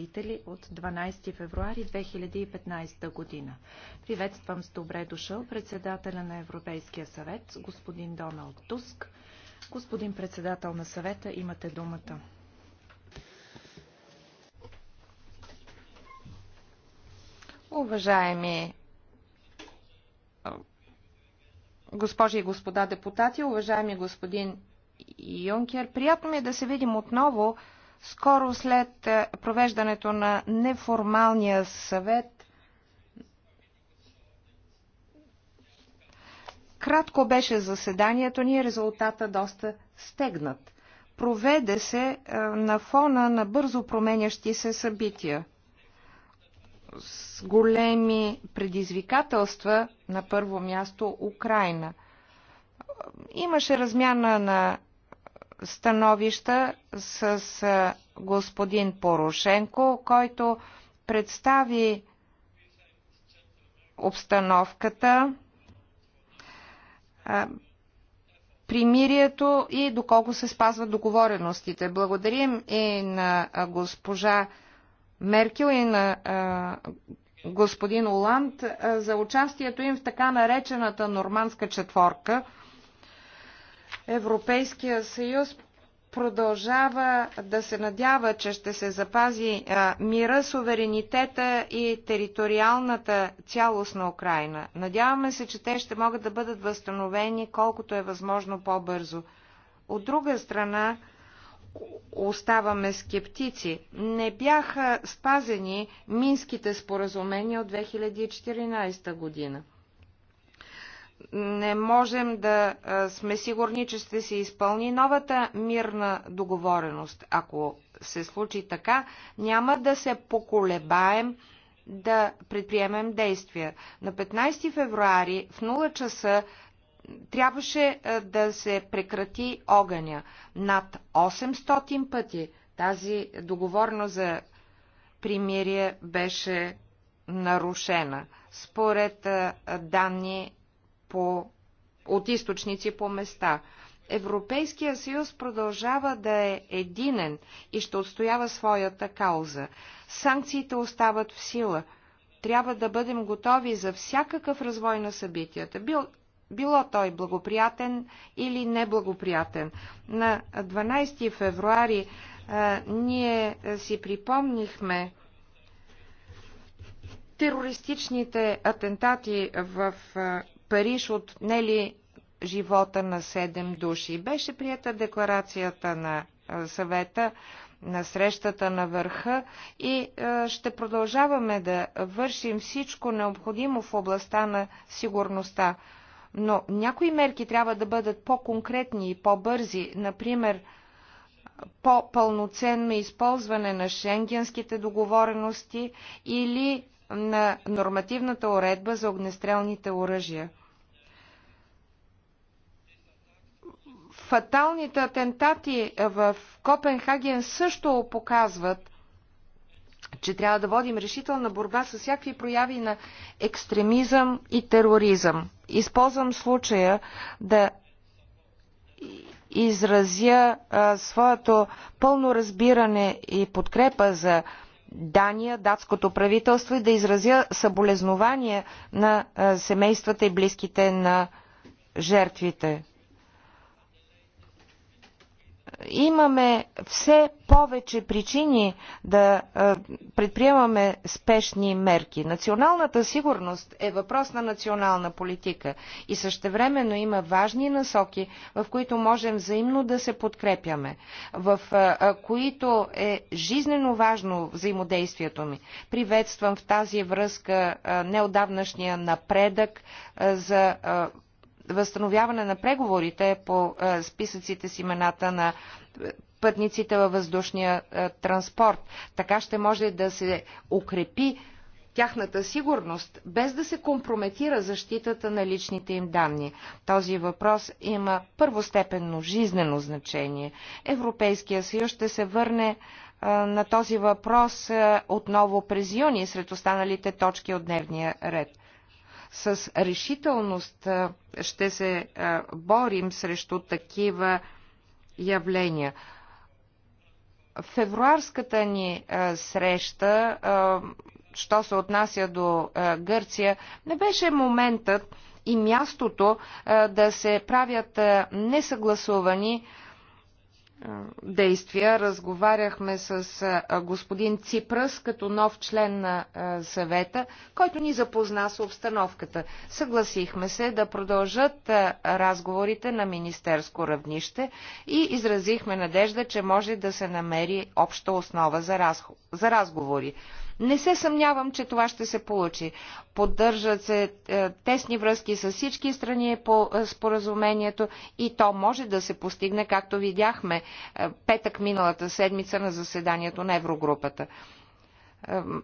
родители от 12 февруари 2015 година. Приветствам с добре дошъл председателя на Европейския съвет, господин Доналд Туск. Господин председател на съвета, имате думата. Уважаеми госпожи и господа депутати, уважаеми господин Юнкер, приятно ми е да се видим отново скоро след е, провеждането на неформалния съвет, кратко беше заседанието ни, резултата доста стегнат. Проведе се е, на фона на бързо променящи се събития с големи предизвикателства, на първо място Украина. Имаше размяна на становища с господин Порошенко, който представи обстановката, примирието и доколко се спазват договореностите. Благодарим и на госпожа Меркел и на господин Оланд за участието им в така наречената нормандска четворка – Европейския съюз продължава да се надява, че ще се запази мира, суверенитета и териториалната цялост на Украина. Надяваме се, че те ще могат да бъдат възстановени колкото е възможно по-бързо. От друга страна, оставаме скептици. Не бяха спазени минските споразумения от 2014 година не можем да сме сигурни, че ще се изпълни новата мирна договореност. Ако се случи така, няма да се поколебаем да предприемем действия. На 15 февруари в 0 часа трябваше да се прекрати огъня. Над 800 пъти тази договорност за примирие беше нарушена. Според данни по, от източници по места. Европейския съюз продължава да е единен и ще отстоява своята кауза. Санкциите остават в сила. Трябва да бъдем готови за всякакъв развой на събитията, бил, било той благоприятен или неблагоприятен. На 12 февруари а, е, ние си припомнихме терористичните атентати в а, е, Париж отнели живота на седем души. Беше прията декларацията на съвета на срещата на върха и ще продължаваме да вършим всичко необходимо в областта на сигурността. Но някои мерки трябва да бъдат по-конкретни и по-бързи, например по-пълноценно използване на шенгенските договорености или на нормативната уредба за огнестрелните оръжия. Фаталните атентати в Копенхаген също показват, че трябва да водим решителна борба с всякакви прояви на екстремизъм и тероризъм. Използвам случая да изразя а, своето пълно разбиране и подкрепа за Дания, датското правителство и да изразя съболезнования на а, семействата и близките на жертвите имаме все повече причини да предприемаме спешни мерки. Националната сигурност е въпрос на национална политика и същевременно има важни насоки, в които можем взаимно да се подкрепяме, в които е жизнено важно взаимодействието ми. Приветствам в тази връзка неодавнашния напредък за възстановяване на преговорите по е, списъците с имената на е, пътниците във въздушния е, транспорт. Така ще може да се укрепи тяхната сигурност, без да се компрометира защитата на личните им данни. Този въпрос има първостепенно жизнено значение. Европейския съюз ще се върне на този въпрос отново през юни сред останалите точки от дневния ред. С решителност ще се борим срещу такива явления. Февруарската ни среща, що се отнася до Гърция, не беше моментът и мястото да се правят несъгласувани действия разговаряхме с господин Ципрас като нов член на съвета, който ни запозна с обстановката. Съгласихме се да продължат разговорите на министерско равнище и изразихме надежда, че може да се намери обща основа за разговори. Не се съмнявам, че това ще се получи. Поддържат се е, тесни връзки с всички страни по е, споразумението и то може да се постигне, както видяхме е, петък миналата седмица на заседанието на Еврогрупата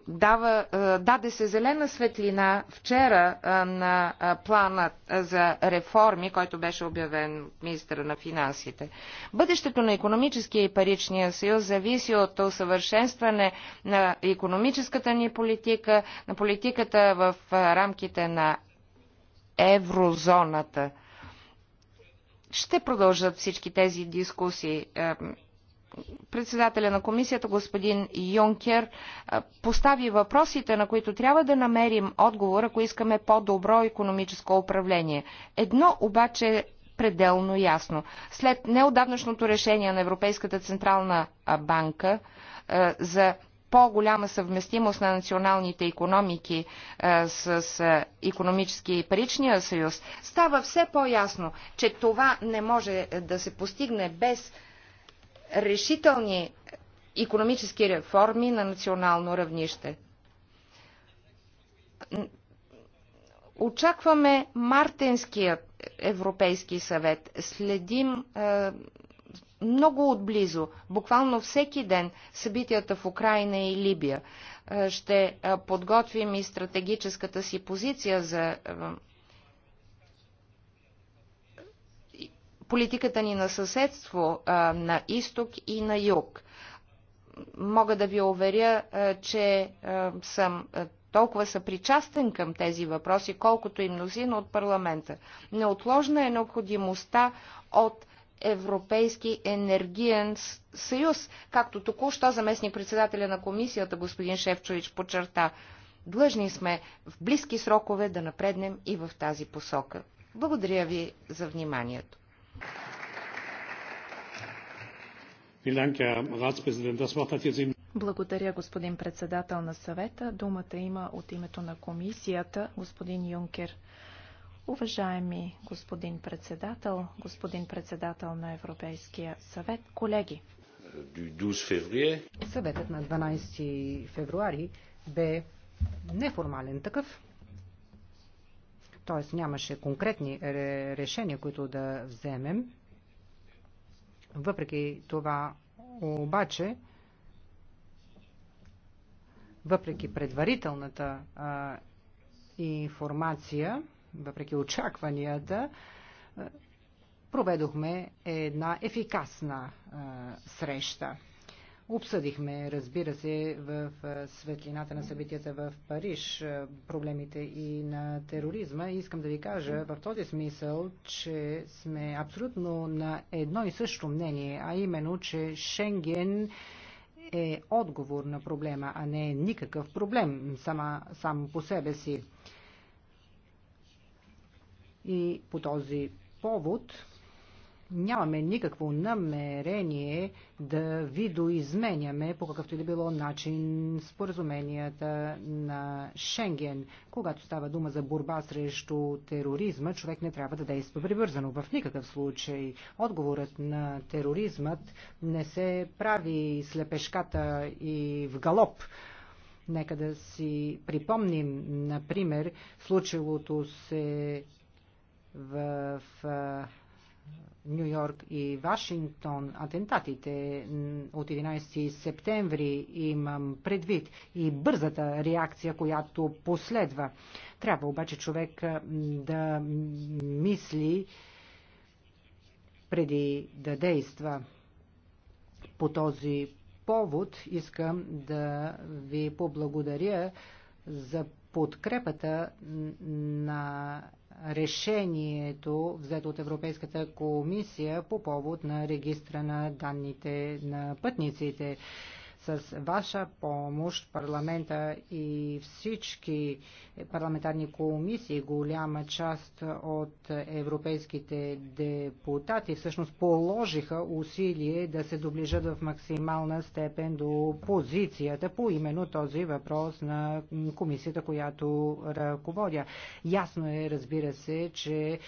дава, даде се зелена светлина вчера на плана за реформи, който беше обявен министра на финансите. Бъдещето на економическия и паричния съюз зависи от усъвършенстване на економическата ни политика, на политиката в рамките на еврозоната. Ще продължат всички тези дискусии председателя на комисията господин Юнкер постави въпросите, на които трябва да намерим отговор, ако искаме по-добро економическо управление. Едно обаче е пределно ясно. След неодавнашното решение на Европейската централна банка за по-голяма съвместимост на националните економики а, с, с економически и паричния съюз, става все по-ясно, че това не може да се постигне без решителни економически реформи на национално равнище. Очакваме Мартенския Европейски съвет. Следим е, много отблизо, буквално всеки ден, събитията в Украина и Либия. Е, ще е, подготвим и стратегическата си позиция за е, политиката ни на съседство на изток и на юг. Мога да ви уверя, че съм толкова съпричастен към тези въпроси, колкото и мнозина от парламента. Неотложна е необходимостта от Европейски енергиен съюз, както току-що заместник председателя на комисията господин Шевчович подчерта. Длъжни сме в близки срокове да напреднем и в тази посока. Благодаря ви за вниманието. Благодаря, господин председател на съвета. Думата има от името на комисията господин Юнкер. Уважаеми господин председател, господин председател на Европейския съвет, колеги. Съветът на 12 февруари бе неформален такъв т.е. нямаше конкретни решения, които да вземем. Въпреки това, обаче, въпреки предварителната а, информация, въпреки очакванията, проведохме една ефикасна а, среща. Обсъдихме, разбира се, в светлината на събитията в Париж проблемите и на тероризма. И искам да ви кажа в този смисъл, че сме абсолютно на едно и също мнение, а именно, че Шенген е отговор на проблема, а не е никакъв проблем сама, сам по себе си. И по този повод Нямаме никакво намерение да видоизменяме по какъвто и да било начин споразуменията на Шенген. Когато става дума за борба срещу тероризма, човек не трябва да действа прибързано. В никакъв случай отговорът на тероризмът не се прави слепешката и в галоп. Нека да си припомним, например, случилото се в Нью Йорк и Вашингтон, атентатите от 11 септември имам предвид и бързата реакция, която последва. Трябва обаче човек да мисли преди да действа. По този повод искам да ви поблагодаря за подкрепата на решението, взето от Европейската комисия по повод на регистра на данните на пътниците. С ваша помощ парламента и всички парламентарни комисии, голяма част от европейските депутати всъщност положиха усилие да се доближат в максимална степен до позицията по именно този въпрос на комисията, която ръководя. Ясно е, разбира се, че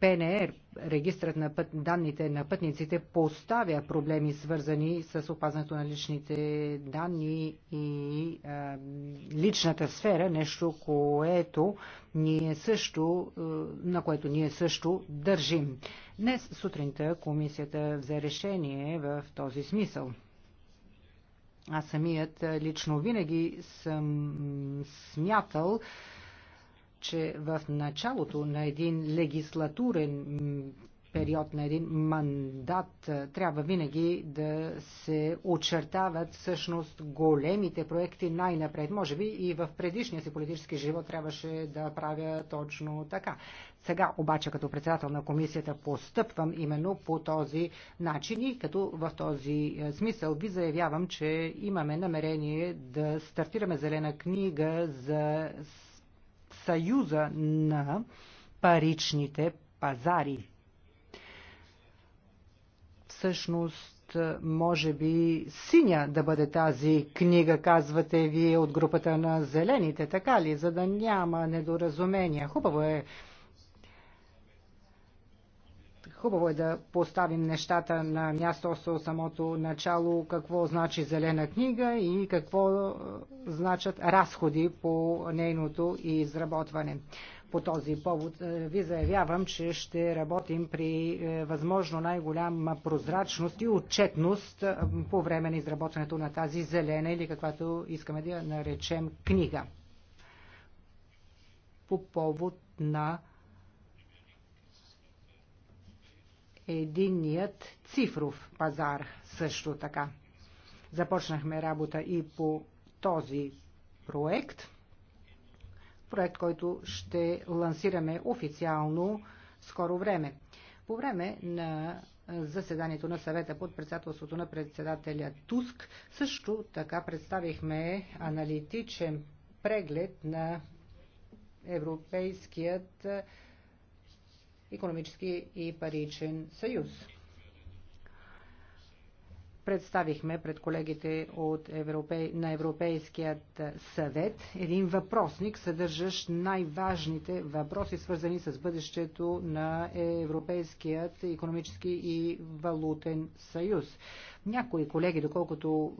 ПНР, регистрът на път, данните на пътниците, поставя проблеми свързани с опазването на личните данни и а, личната сфера, нещо, което ние също, на което ние също държим. Днес сутринта комисията взе решение в този смисъл. Аз самият лично винаги съм смятал, че в началото на един легислатурен период на един мандат трябва винаги да се очертават всъщност големите проекти най-напред. Може би и в предишния си политически живот трябваше да правя точно така. Сега обаче като председател на комисията постъпвам именно по този начин и като в този смисъл ви заявявам, че имаме намерение да стартираме зелена книга за Съюза на паричните пазари. Всъщност, може би синя да бъде тази книга, казвате вие от групата на зелените, така ли, за да няма недоразумения. Хубаво е Хубаво е да поставим нещата на място с самото начало, какво значи зелена книга и какво е, значат разходи по нейното изработване. По този повод е, ви заявявам, че ще работим при е, възможно най-голяма прозрачност и отчетност по време на изработването на тази зелена или каквато искаме да я наречем книга. По повод на единният цифров пазар също така. Започнахме работа и по този проект, проект, който ще лансираме официално скоро време. По време на заседанието на съвета под председателството на председателя Туск също така представихме аналитичен преглед на европейският економически и паричен съюз. Представихме пред колегите от Европе... на Европейският съвет един въпросник, съдържащ най-важните въпроси, свързани с бъдещето на Европейският економически и валутен съюз. Някои колеги, доколкото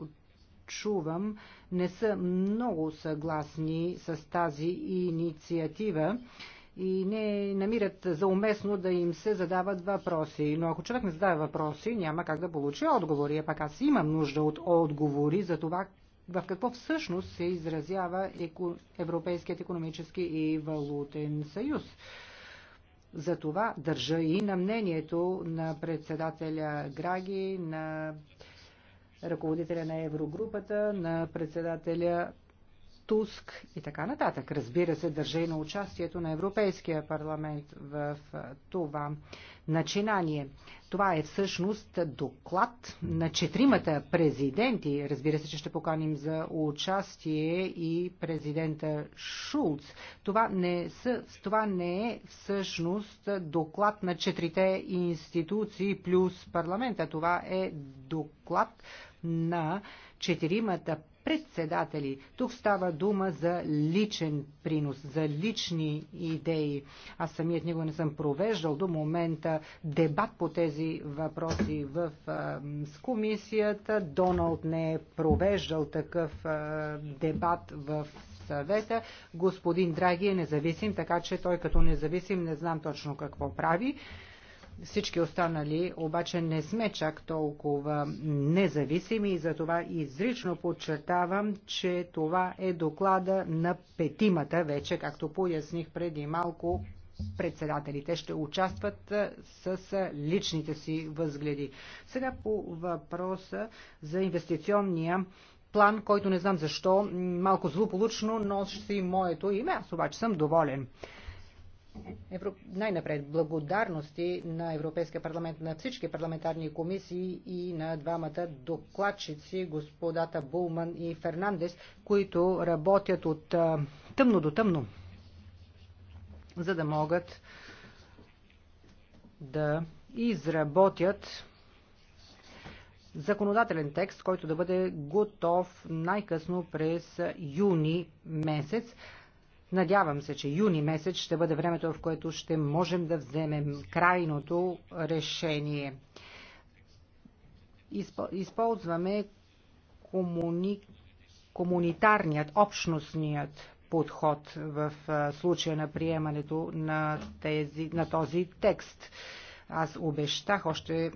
чувам, не са много съгласни с тази инициатива и не намират за уместно да им се задават въпроси. Но ако човек не задава въпроси, няма как да получи отговори. А пак аз имам нужда от отговори за това в какво всъщност се изразява Европейският економически и валутен съюз. За това държа и на мнението на председателя Граги, на ръководителя на Еврогрупата, на председателя Туск и така нататък. Разбира се, държа и на участието на Европейския парламент в това начинание. Това е всъщност доклад на четримата президенти. Разбира се, че ще поканим за участие и президента Шулц. Това не, са, това не е всъщност доклад на четирите институции плюс парламента. Това е доклад на четиримата председатели. Тук става дума за личен принос, за лични идеи. Аз самият него не съм провеждал до момента дебат по тези въпроси в а, с комисията. Доналд не е провеждал такъв а, дебат в съвета. Господин Драги е независим, така че той като независим не знам точно какво прави. Всички останали обаче не сме чак толкова независими и затова изрично подчертавам, че това е доклада на петимата вече, както поясних преди малко, председателите ще участват с личните си възгледи. Сега по въпроса за инвестиционния план, който не знам защо, малко злополучно но ще си моето име, аз обаче съм доволен. Евро... най-напред благодарности на Европейския парламент, на всички парламентарни комисии и на двамата докладчици, господата Булман и Фернандес, които работят от а, тъмно до тъмно, за да могат да изработят законодателен текст, който да бъде готов най-късно през юни месец, Надявам се, че юни месец ще бъде времето, в което ще можем да вземем крайното решение. Използваме комуни... комунитарният, общностният подход в случая на приемането на, тези, на този текст. Аз обещах още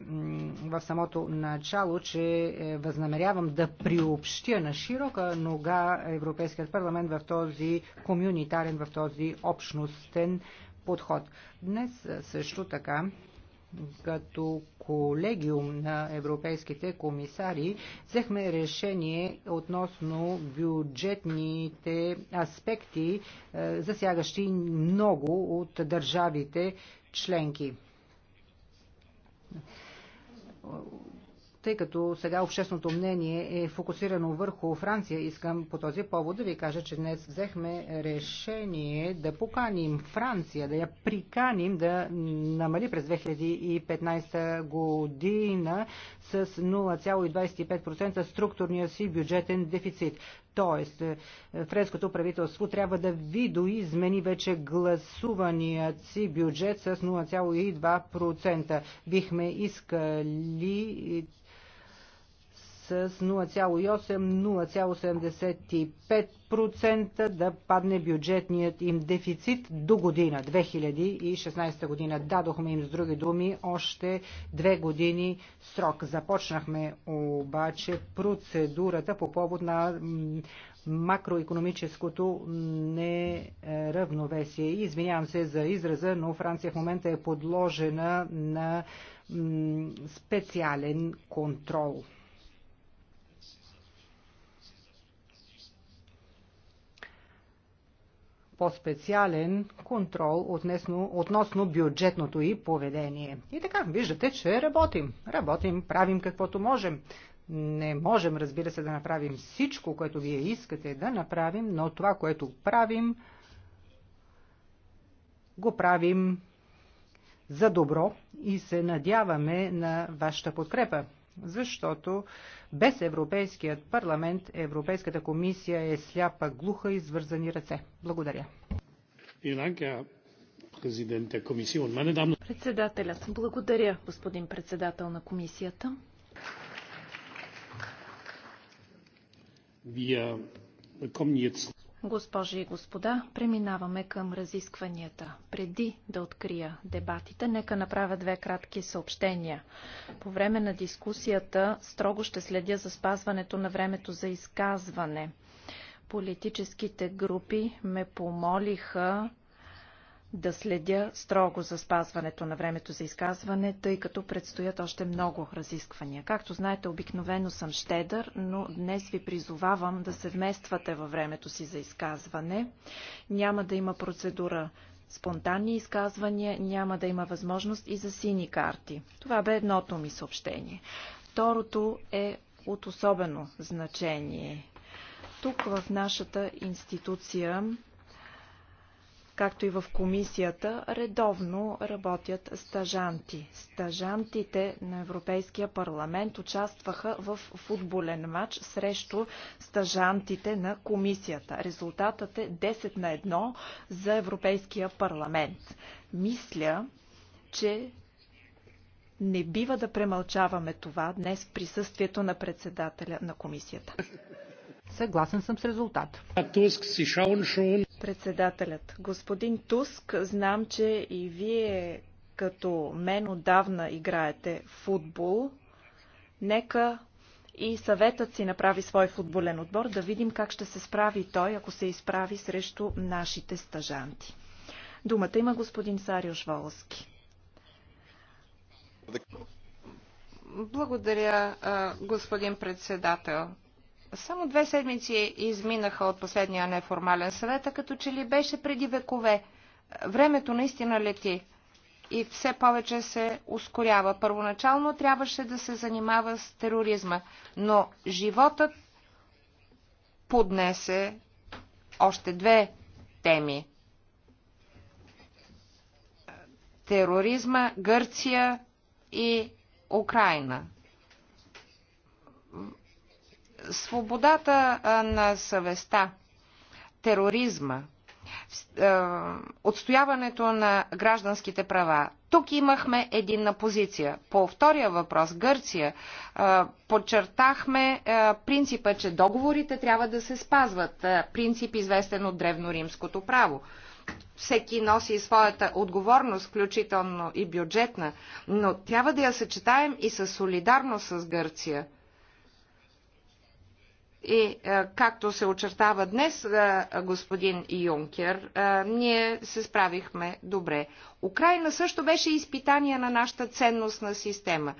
в самото начало, че е, възнамерявам да приобщя на широка нога Европейският парламент в този комюнитарен, в този общностен подход. Днес е, също така като колегиум на европейските комисари взехме решение относно бюджетните аспекти, е, засягащи много от държавите членки. Тъй като сега общественото мнение е фокусирано върху Франция, искам по този повод да ви кажа, че днес взехме решение да поканим Франция, да я приканим да намали през 2015 година с 0,25% структурния си бюджетен дефицит. Тоест, е, френското правителство трябва да видоизмени вече гласуваният си бюджет с 0,2%. Бихме искали с 0,8-0,75% да падне бюджетният им дефицит до година, 2016 година. Дадохме им с други думи още две години срок. Започнахме обаче процедурата по повод на макроекономическото неравновесие. Извинявам се за израза, но Франция в момента е подложена на специален контрол. по-специален контрол отнесно, относно бюджетното и поведение. И така, виждате, че работим. Работим, правим каквото можем. Не можем, разбира се, да направим всичко, което вие искате да направим, но това, което правим, го правим за добро и се надяваме на вашата подкрепа. Защото без Европейският парламент Европейската комисия е сляпа, глуха и свързани ръце. Благодаря. Председателят. Благодаря, господин председател на комисията. Госпожи и господа, преминаваме към разискванията. Преди да открия дебатите, нека направя две кратки съобщения. По време на дискусията строго ще следя за спазването на времето за изказване. Политическите групи ме помолиха да следя строго за спазването на времето за изказване, тъй като предстоят още много разисквания. Както знаете, обикновено съм щедър, но днес ви призовавам да се вмествате във времето си за изказване. Няма да има процедура спонтанни изказвания, няма да има възможност и за сини карти. Това бе едното ми съобщение. Второто е от особено значение. Тук в нашата институция както и в комисията, редовно работят стажанти. Стажантите на Европейския парламент участваха в футболен матч срещу стажантите на комисията. Резултатът е 10 на 1 за Европейския парламент. Мисля, че не бива да премълчаваме това днес в присъствието на председателя на комисията. Съгласен съм с резултат. Председателят, господин Туск, знам, че и вие като мен отдавна играете футбол. Нека и съветът си направи свой футболен отбор, да видим как ще се справи той, ако се изправи срещу нашите стажанти. Думата има господин Сариош Волски. Благодаря, господин председател. Само две седмици изминаха от последния неформален съвет, а като че ли беше преди векове. Времето наистина лети и все повече се ускорява. Първоначално трябваше да се занимава с тероризма, но животът поднесе още две теми. Тероризма, Гърция и Украина свободата на съвестта, тероризма, отстояването на гражданските права. Тук имахме единна позиция. По втория въпрос, Гърция, подчертахме принципа, че договорите трябва да се спазват. Принцип известен от древноримското право. Всеки носи своята отговорност, включително и бюджетна, но трябва да я съчетаем и с солидарност с Гърция – и е, както се очертава днес, е, господин Юнкер, е, ние се справихме добре. Украина също беше изпитание на нашата ценностна система.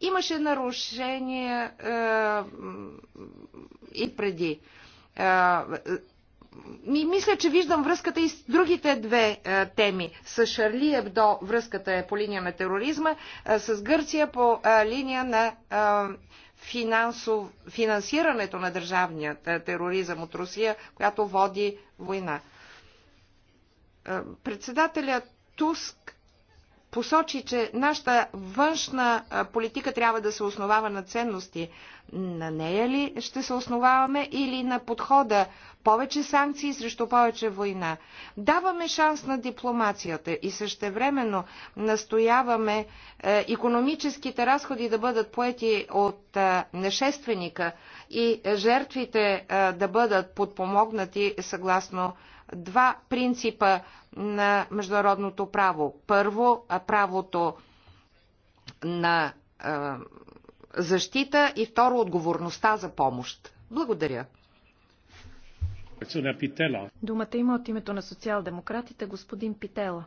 Имаше нарушения и преди. Ми, мисля, че виждам връзката и с другите две е, теми. С Шарли Ебдо връзката е по линия на тероризма, е, с Гърция по е, линия на е, финансов, финансирането на държавният е, тероризъм от Русия, която води война. Е, Председателят Туск посочи, че нашата външна политика трябва да се основава на ценности. На нея ли ще се основаваме или на подхода повече санкции срещу повече война? Даваме шанс на дипломацията и същевременно настояваме економическите разходи да бъдат поети от е, нашественика и е, жертвите е, да бъдат подпомогнати съгласно два принципа на международното право. Първо, правото на е, защита и второ, отговорността за помощ. Благодаря. Думата има от името на социал-демократите господин Питела.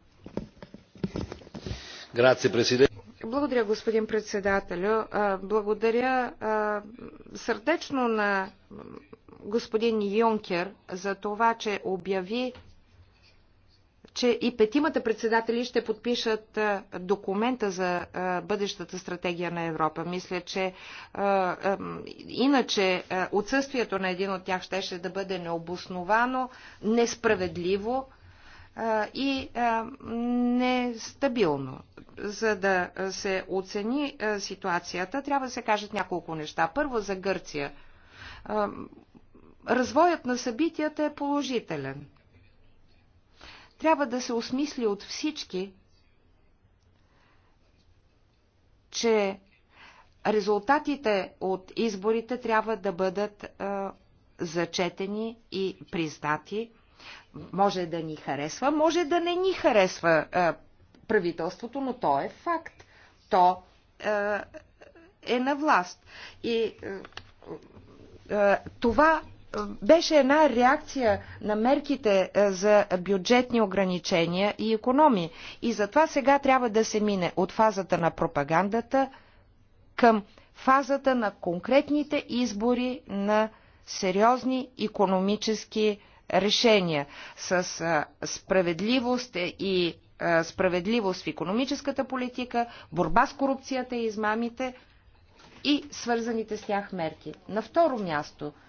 Благодаря, господин председателю. Благодаря сърдечно на господин Юнкер за това, че обяви, че и петимата председатели ще подпишат документа за бъдещата стратегия на Европа. Мисля, че иначе отсъствието на един от тях щеше ще да бъде необосновано, несправедливо и нестабилно. За да се оцени ситуацията, трябва да се кажат няколко неща. Първо за Гърция развоят на събитията е положителен. Трябва да се осмисли от всички, че резултатите от изборите трябва да бъдат е, зачетени и признати. Може да ни харесва, може да не ни харесва е, правителството, но то е факт. То е, е на власт. И е, е, това беше една реакция на мерките е, за бюджетни ограничения и економии. И затова сега трябва да се мине от фазата на пропагандата към фазата на конкретните избори на сериозни економически решения с е, справедливост и е, справедливост в економическата политика, борба с корупцията и измамите и свързаните с тях мерки. На второ място –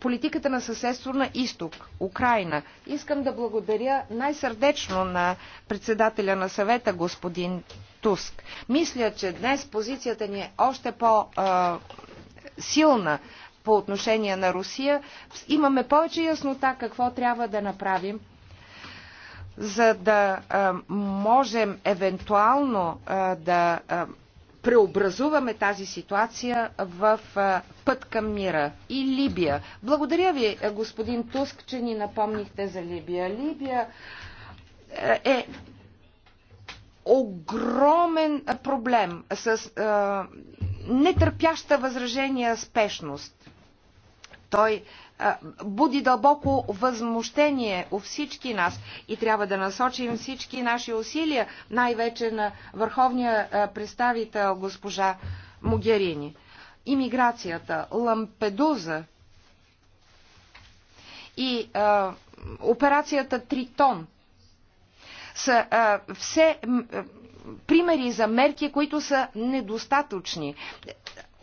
политиката на съседство на изток, Украина. Искам да благодаря най-сърдечно на председателя на съвета, господин Туск. Мисля, че днес позицията ни е още по-силна по отношение на Русия. Имаме повече яснота какво трябва да направим, за да можем евентуално да преобразуваме тази ситуация в път към мира и Либия. Благодаря ви, е, господин Туск, че ни напомнихте за Либия. Либия е, е огромен проблем с нетърпяща възражения спешност. Той а, е, буди дълбоко възмущение у всички нас и трябва да насочим всички наши усилия, най-вече на върховния а, е, представител госпожа Могерини. Имиграцията, Лампедуза и а, е, операцията Тритон са а, все а, примери за мерки, които са недостатъчни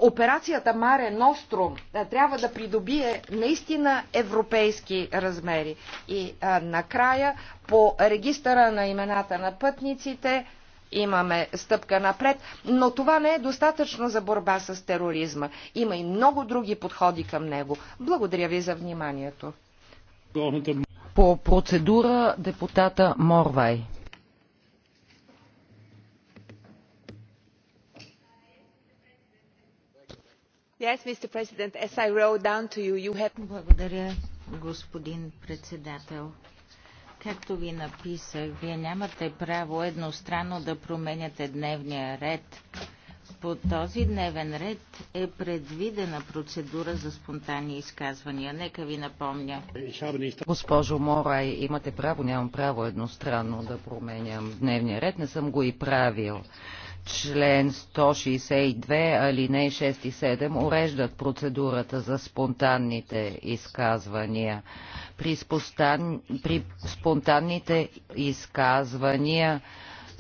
операцията Маре Ностром е, трябва да придобие наистина европейски размери. И а, е, накрая по регистъра на имената на пътниците имаме стъпка напред, но това не е достатъчно за борба с тероризма. Има и много други подходи към него. Благодаря ви за вниманието. По процедура депутата Морвай. Mr. President, as I wrote down to you, you have... Благодаря, господин председател. Както ви написах, вие нямате право едностранно да променяте дневния ред. По този дневен ред е предвидена процедура за спонтанни изказвания. Нека ви напомня. Госпожо Морай, имате право, нямам право едностранно да променям дневния ред. Не съм го и правил. Член 162, алинеи 6 и 7 уреждат процедурата за спонтанните изказвания. При, спонтан... при спонтанните изказвания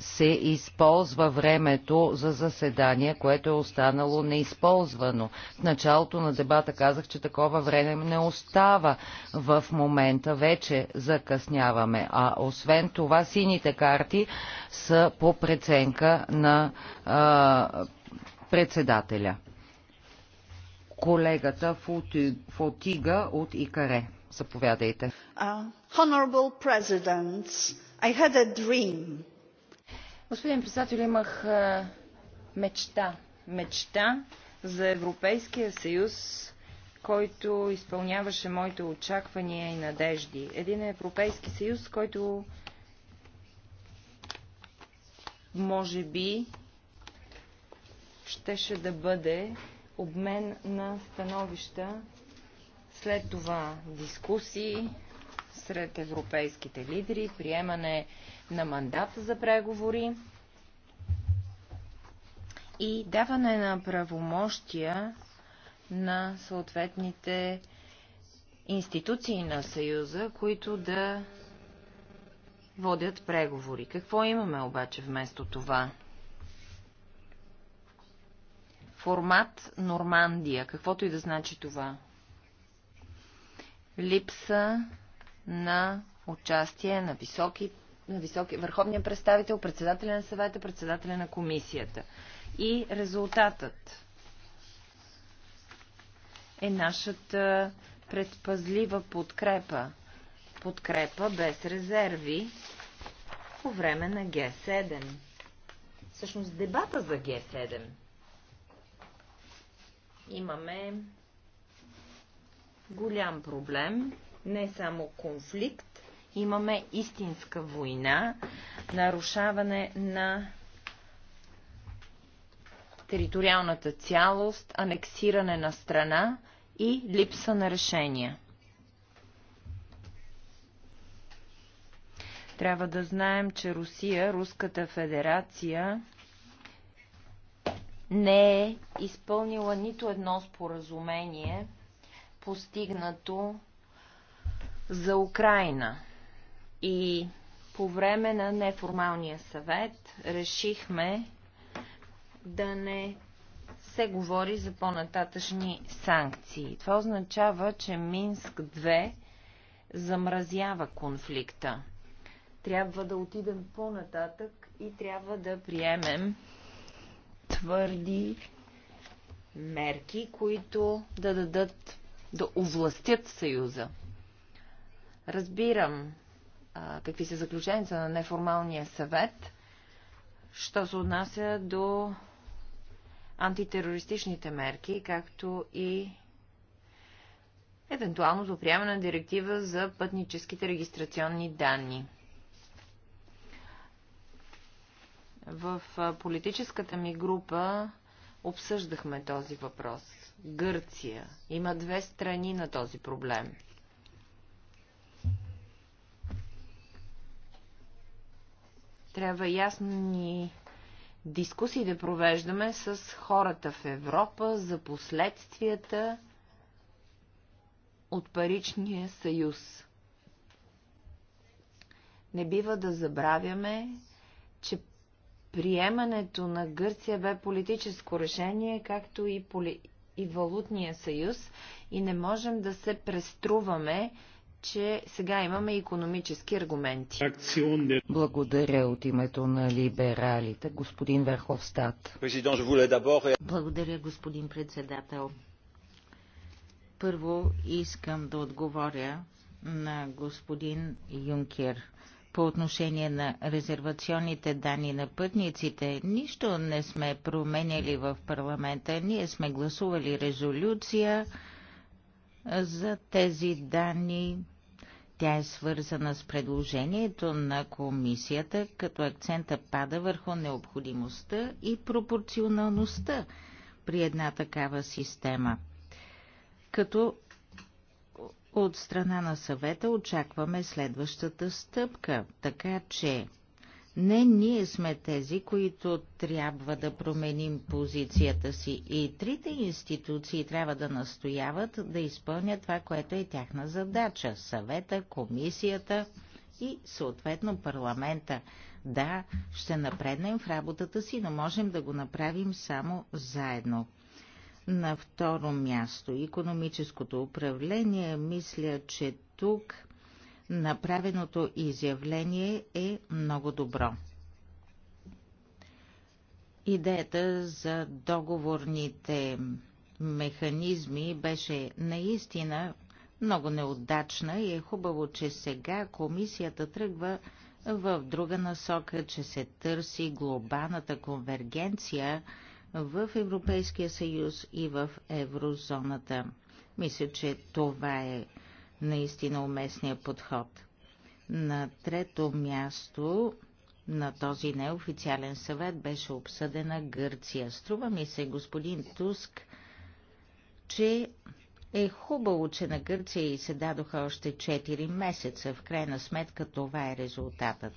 се използва времето за заседание, което е останало неизползвано. В началото на дебата казах, че такова време не остава. В момента вече закъсняваме. А освен това, сините карти са по преценка на а, председателя. Колегата Фотига от Икаре. Заповядайте. Uh, honorable presidents, I had a dream Господин председател, имах е, мечта. Мечта за Европейския съюз, който изпълняваше моите очаквания и надежди. Един Европейски съюз, който може би щеше да бъде обмен на становища, след това дискусии, сред европейските лидери, приемане на мандата за преговори и даване на правомощия на съответните институции на Съюза, които да водят преговори. Какво имаме обаче вместо това? Формат Нормандия, каквото и да значи това. Липса на участие на високи, на високи върховния представител, председателя на съвета, председателя на комисията. И резултатът е нашата предпазлива подкрепа. Подкрепа без резерви по време на Г7. Всъщност дебата за Г7. Имаме голям проблем не само конфликт, имаме истинска война, нарушаване на териториалната цялост, анексиране на страна и липса на решения. Трябва да знаем, че Русия, Руската федерация, не е изпълнила нито едно споразумение, постигнато за Украина. И по време на неформалния съвет решихме да не се говори за по-нататъчни санкции. Това означава, че Минск 2 замразява конфликта. Трябва да отидем по-нататък и трябва да приемем твърди мерки, които да дадат, да овластят Съюза. Разбирам а, какви са заключенията на неформалния съвет, що се отнася до антитерористичните мерки, както и евентуално до приемане на директива за пътническите регистрационни данни. В политическата ми група обсъждахме този въпрос. Гърция има две страни на този проблем – Трябва ясни дискусии да провеждаме с хората в Европа за последствията от паричния съюз. Не бива да забравяме, че приемането на Гърция бе политическо решение, както и, поли... и валутния съюз, и не можем да се преструваме, че сега имаме економически аргументи. Благодаря от името на либералите, господин Верховстат. Благодаря, господин председател. Първо искам да отговоря на господин Юнкер. По отношение на резервационните данни на пътниците, нищо не сме променяли в парламента. Ние сме гласували резолюция за тези данни тя е свързана с предложението на комисията, като акцента пада върху необходимостта и пропорционалността при една такава система. Като от страна на съвета очакваме следващата стъпка, така че не ние сме тези, които трябва да променим позицията си. И трите институции трябва да настояват да изпълнят това, което е тяхна задача. Съвета, комисията и съответно парламента. Да, ще напреднем в работата си, но можем да го направим само заедно. На второ място, економическото управление, мисля, че тук Направеното изявление е много добро. Идеята за договорните механизми беше наистина много неудачна и е хубаво, че сега комисията тръгва в друга насока, че се търси глобалната конвергенция в Европейския съюз и в еврозоната. Мисля, че това е наистина уместния подход. На трето място на този неофициален съвет беше обсъдена Гърция. Струва ми се, господин Туск, че е хубаво, че на Гърция и се дадоха още 4 месеца. В крайна сметка това е резултатът.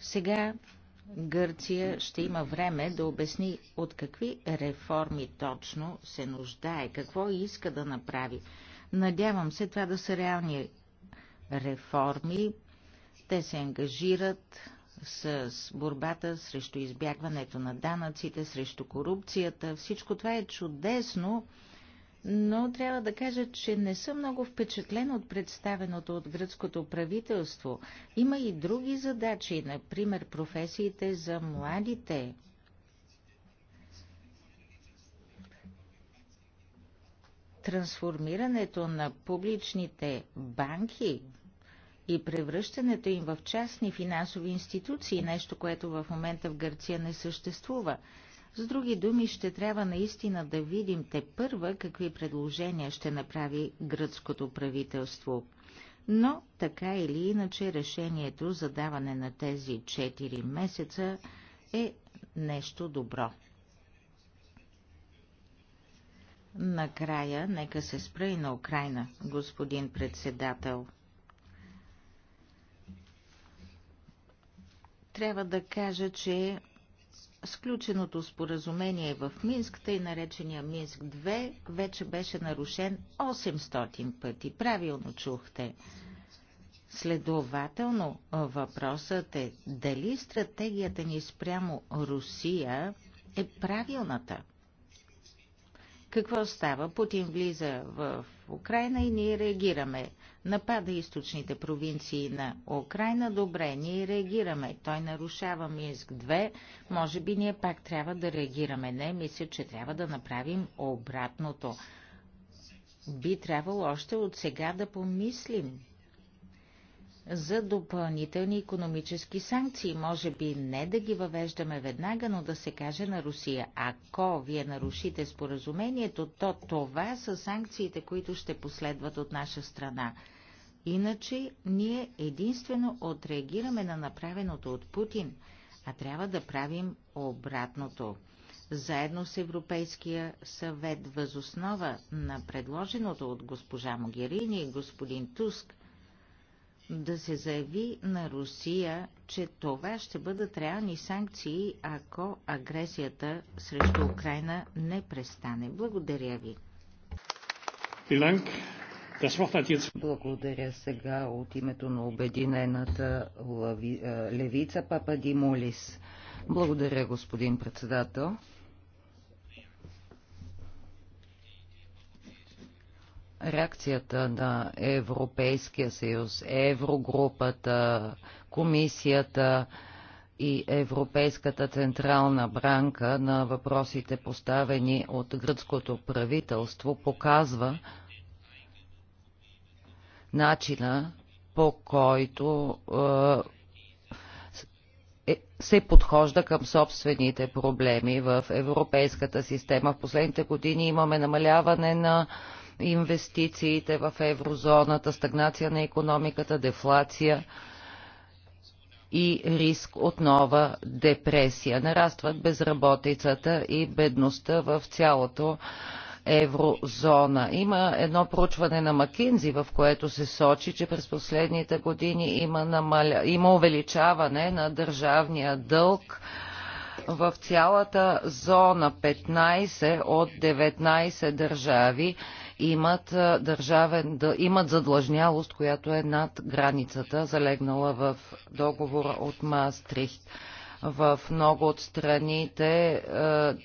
Сега Гърция ще има време да обясни от какви реформи точно се нуждае, какво иска да направи. Надявам се това да са реални реформи. Те се ангажират с борбата срещу избягването на данъците, срещу корупцията. Всичко това е чудесно, но трябва да кажа, че не съм много впечатлен от представеното от гръцкото правителство. Има и други задачи, например професиите за младите. трансформирането на публичните банки и превръщането им в частни финансови институции, нещо, което в момента в Гърция не съществува. С други думи, ще трябва наистина да видим те първа какви предложения ще направи гръцкото правителство. Но така или иначе решението за даване на тези 4 месеца е нещо добро. Накрая, нека се спра и на Украина, господин председател. Трябва да кажа, че сключеното споразумение в Минск, тъй наречения Минск 2, вече беше нарушен 800 пъти. Правилно чухте. Следователно, въпросът е дали стратегията ни спрямо Русия е правилната. Какво става? Путин влиза в Украина и ние реагираме. Напада източните провинции на Украина. Добре, ние реагираме. Той нарушава Минск 2. Може би ние пак трябва да реагираме. Не, мисля, че трябва да направим обратното. Би трябвало още от сега да помислим за допълнителни економически санкции. Може би не да ги въвеждаме веднага, но да се каже на Русия. Ако вие нарушите споразумението, то това са санкциите, които ще последват от наша страна. Иначе ние единствено отреагираме на направеното от Путин, а трябва да правим обратното. Заедно с Европейския съвет възоснова на предложеното от госпожа Могерини и господин Туск, да се заяви на Русия, че това ще бъдат реални санкции, ако агресията срещу Украина не престане. Благодаря ви. Благодаря сега от името на обединената левица Папа Димулис. Благодаря, господин председател. реакцията на Европейския съюз, Еврогрупата, Комисията и Европейската централна бранка на въпросите поставени от гръцкото правителство показва начина по който е, се подхожда към собствените проблеми в европейската система. В последните години имаме намаляване на инвестициите в еврозоната, стагнация на економиката, дефлация и риск от нова депресия. Нарастват безработицата и бедността в цялото еврозона. Има едно проучване на Макинзи, в което се сочи, че през последните години има, намаля... има увеличаване на държавния дълг в цялата зона 15 от 19 държави имат, държавен, да имат задлъжнялост, която е над границата, залегнала в договора от Маастрихт. В много от страните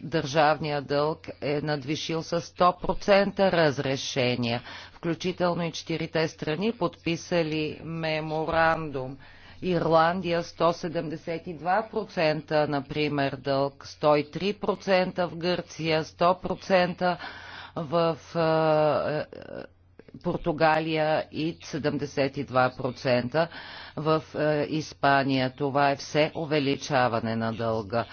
държавният дълг е надвишил с 100% разрешения, включително и четирите страни, подписали меморандум. Ирландия 172%, например, дълг 103%, в Гърция 100%, в е, Португалия и 72% в е, Испания. Това е все увеличаване на дълга.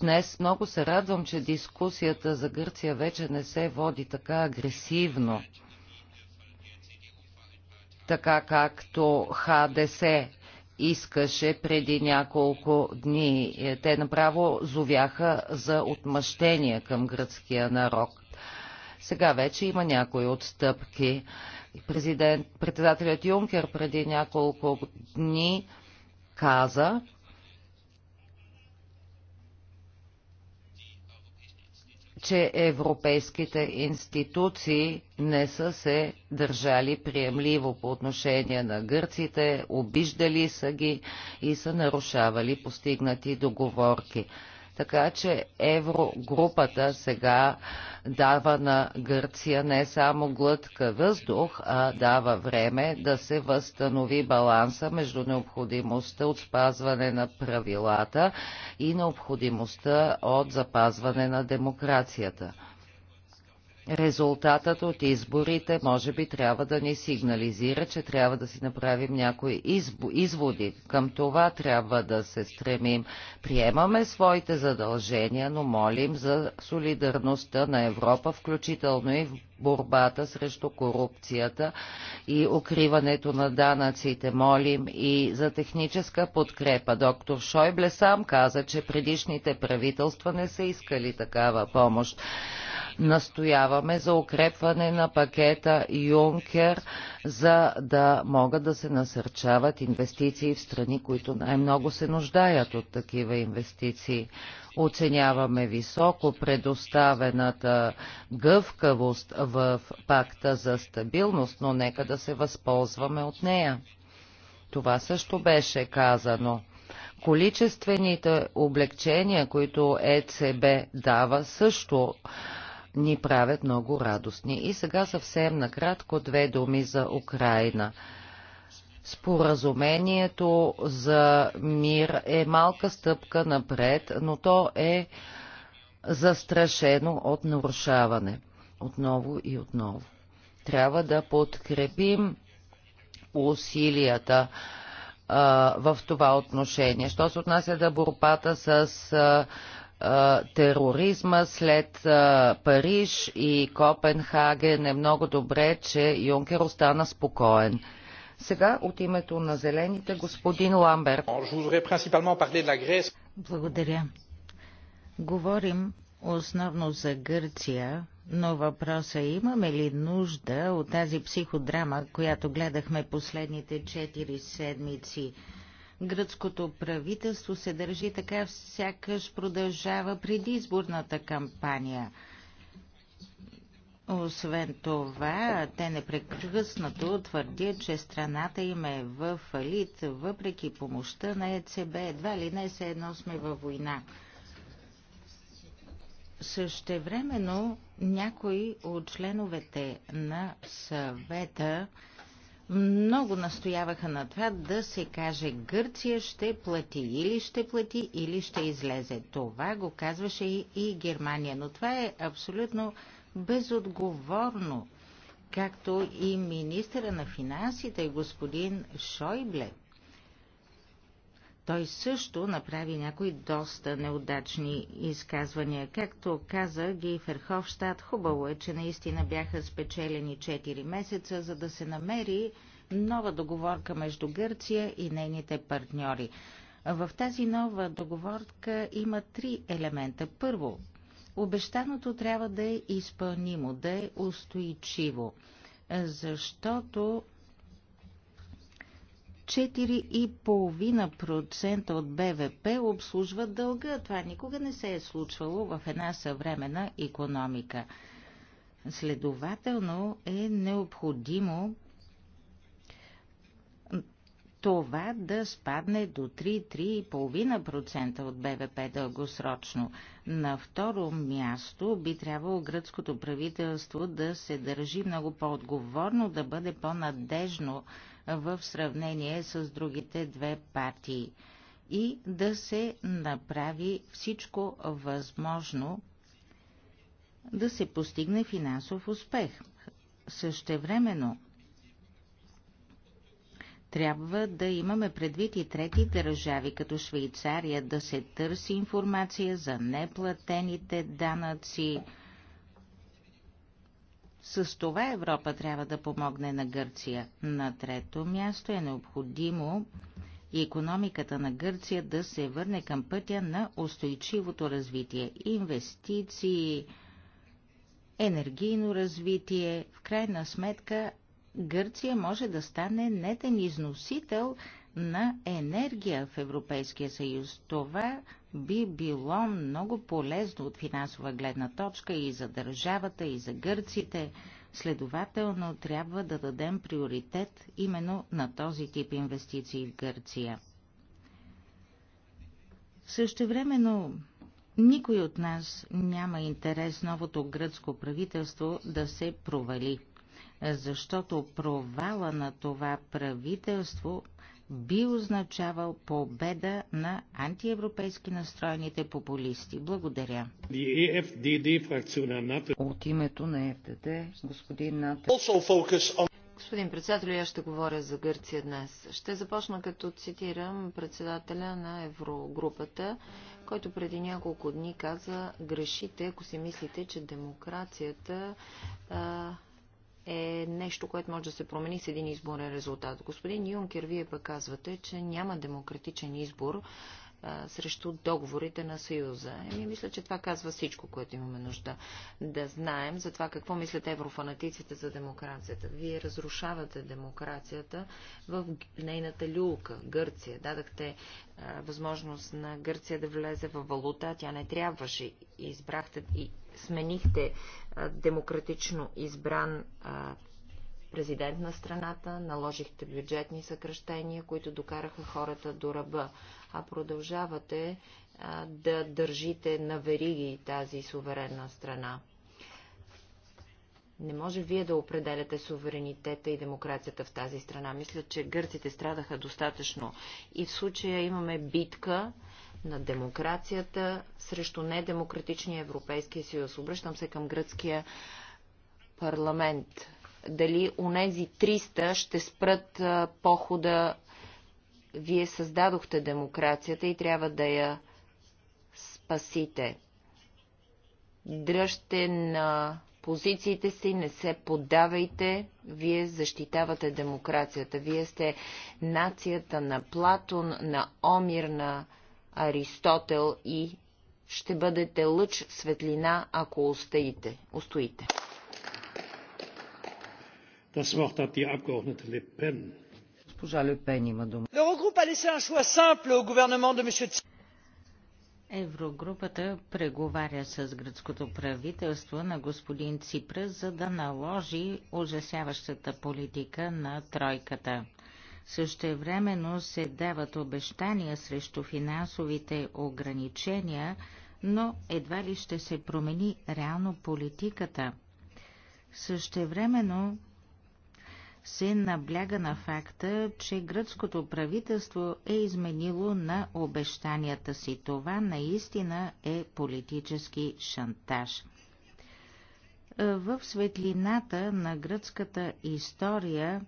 Днес много се радвам, че дискусията за Гърция вече не се води така агресивно, така както ХДС искаше преди няколко дни. Те направо зовяха за отмъщение към гръцкия народ. Сега вече има някои отстъпки. Президент, председателят Юнкер преди няколко дни каза, че европейските институции не са се държали приемливо по отношение на гърците, обиждали са ги и са нарушавали постигнати договорки. Така че еврогрупата сега дава на Гърция не само глътка въздух, а дава време да се възстанови баланса между необходимостта от спазване на правилата и необходимостта от запазване на демокрацията резултатът от изборите може би трябва да ни сигнализира, че трябва да си направим някои изводи. Към това трябва да се стремим. Приемаме своите задължения, но молим за солидарността на Европа, включително и в борбата срещу корупцията и укриването на данъците. Молим и за техническа подкрепа. Доктор Шойбле сам каза, че предишните правителства не са искали такава помощ. Настояваме за укрепване на пакета Юнкер, за да могат да се насърчават инвестиции в страни, които най-много се нуждаят от такива инвестиции. Оценяваме високо предоставената гъвкавост в пакта за стабилност, но нека да се възползваме от нея. Това също беше казано. Количествените облегчения, които ЕЦБ дава, също ни правят много радостни. И сега съвсем накратко две думи за Украина. Споразумението за мир е малка стъпка напред, но то е застрашено от нарушаване. Отново и отново. Трябва да подкрепим усилията а, в това отношение. Що се отнася до борбата с а, тероризма след Париж и Копенхаген е много добре, че Юнкер остана спокоен. Сега от името на зелените господин Ламберт. Благодаря. Говорим основно за Гърция, но въпроса е имаме ли нужда от тази психодрама, която гледахме последните 4 седмици – Гръцкото правителство се държи така, сякаш продължава предизборната кампания. Освен това, те непрекъснато твърдят, че страната им е в фалит, въпреки помощта на ЕЦБ. Едва ли не се едно сме във война. Същевременно някои от членовете на съвета много настояваха на това да се каже Гърция ще плати или ще плати или ще излезе. Това го казваше и, и Германия, но това е абсолютно безотговорно, както и министра на финансите господин Шойбле той също направи някои доста неудачни изказвания. Както каза Гей Ферховщад, хубаво е, че наистина бяха спечелени 4 месеца, за да се намери нова договорка между Гърция и нейните партньори. В тази нова договорка има три елемента. Първо, обещаното трябва да е изпълнимо, да е устойчиво, защото 4,5% от БВП обслужва дълга. Това никога не се е случвало в една съвременна економика. Следователно е необходимо това да спадне до 3-3,5% от БВП дългосрочно. На второ място би трябвало гръцкото правителство да се държи много по-отговорно, да бъде по-надежно в сравнение с другите две партии и да се направи всичко възможно да се постигне финансов успех. Същевременно трябва да имаме предвид и трети държави, като Швейцария, да се търси информация за неплатените данъци, с това Европа трябва да помогне на Гърция. На трето място е необходимо и економиката на Гърция да се върне към пътя на устойчивото развитие. Инвестиции, енергийно развитие. В крайна сметка Гърция може да стане нетен износител на енергия в Европейския съюз. Това би било много полезно от финансова гледна точка и за държавата, и за гърците. Следователно трябва да дадем приоритет именно на този тип инвестиции в Гърция. Същевременно никой от нас няма интерес новото гръцко правителство да се провали, защото провала на това правителство би означавал победа на антиевропейски настроените популисти. Благодаря. E От името на ФДД, господин Натър. Господин председател, аз ще говоря за Гърция днес. Ще започна като цитирам председателя на Еврогрупата, който преди няколко дни каза грешите, ако си мислите, че демокрацията а, е нещо, което може да се промени с един изборен резултат. Господин Юнкер, вие пък казвате, че няма демократичен избор а, срещу договорите на Съюза. Еми, мисля, че това казва всичко, което имаме нужда да знаем за това какво мислят еврофанатиците за демокрацията. Вие разрушавате демокрацията в нейната люлка, Гърция. Дадахте а, възможност на Гърция да влезе в валута, тя не трябваше. Избрахте и сменихте демократично избран президент на страната, наложихте бюджетни съкръщения, които докараха хората до ръба, а продължавате да държите на вериги тази суверенна страна. Не може вие да определяте суверенитета и демокрацията в тази страна. Мисля, че гърците страдаха достатъчно. И в случая имаме битка, на демокрацията срещу недемократичния Европейския съюз. Обръщам се към гръцкия парламент. Дали нези 300 ще спрат похода? Вие създадохте демокрацията и трябва да я спасите. Дръжте на позициите си, не се поддавайте, вие защитавате демокрацията. Вие сте нацията на Платон, на Омир, на Аристотел и ще бъдете лъч светлина, ако устоите. устоите. Das Wort hat die Abgeordnete Le Pen. Госпожа Ле има дума. L'Eurogroupe a laissé un choix simple au gouvernement de Еврогрупата преговаря с гръцкото правителство на господин Ципра, за да наложи ужасяващата политика на тройката. Същевременно се дават обещания срещу финансовите ограничения, но едва ли ще се промени реално политиката. Същевременно се набляга на факта, че гръцкото правителство е изменило на обещанията си. Това наистина е политически шантаж. В светлината на гръцката история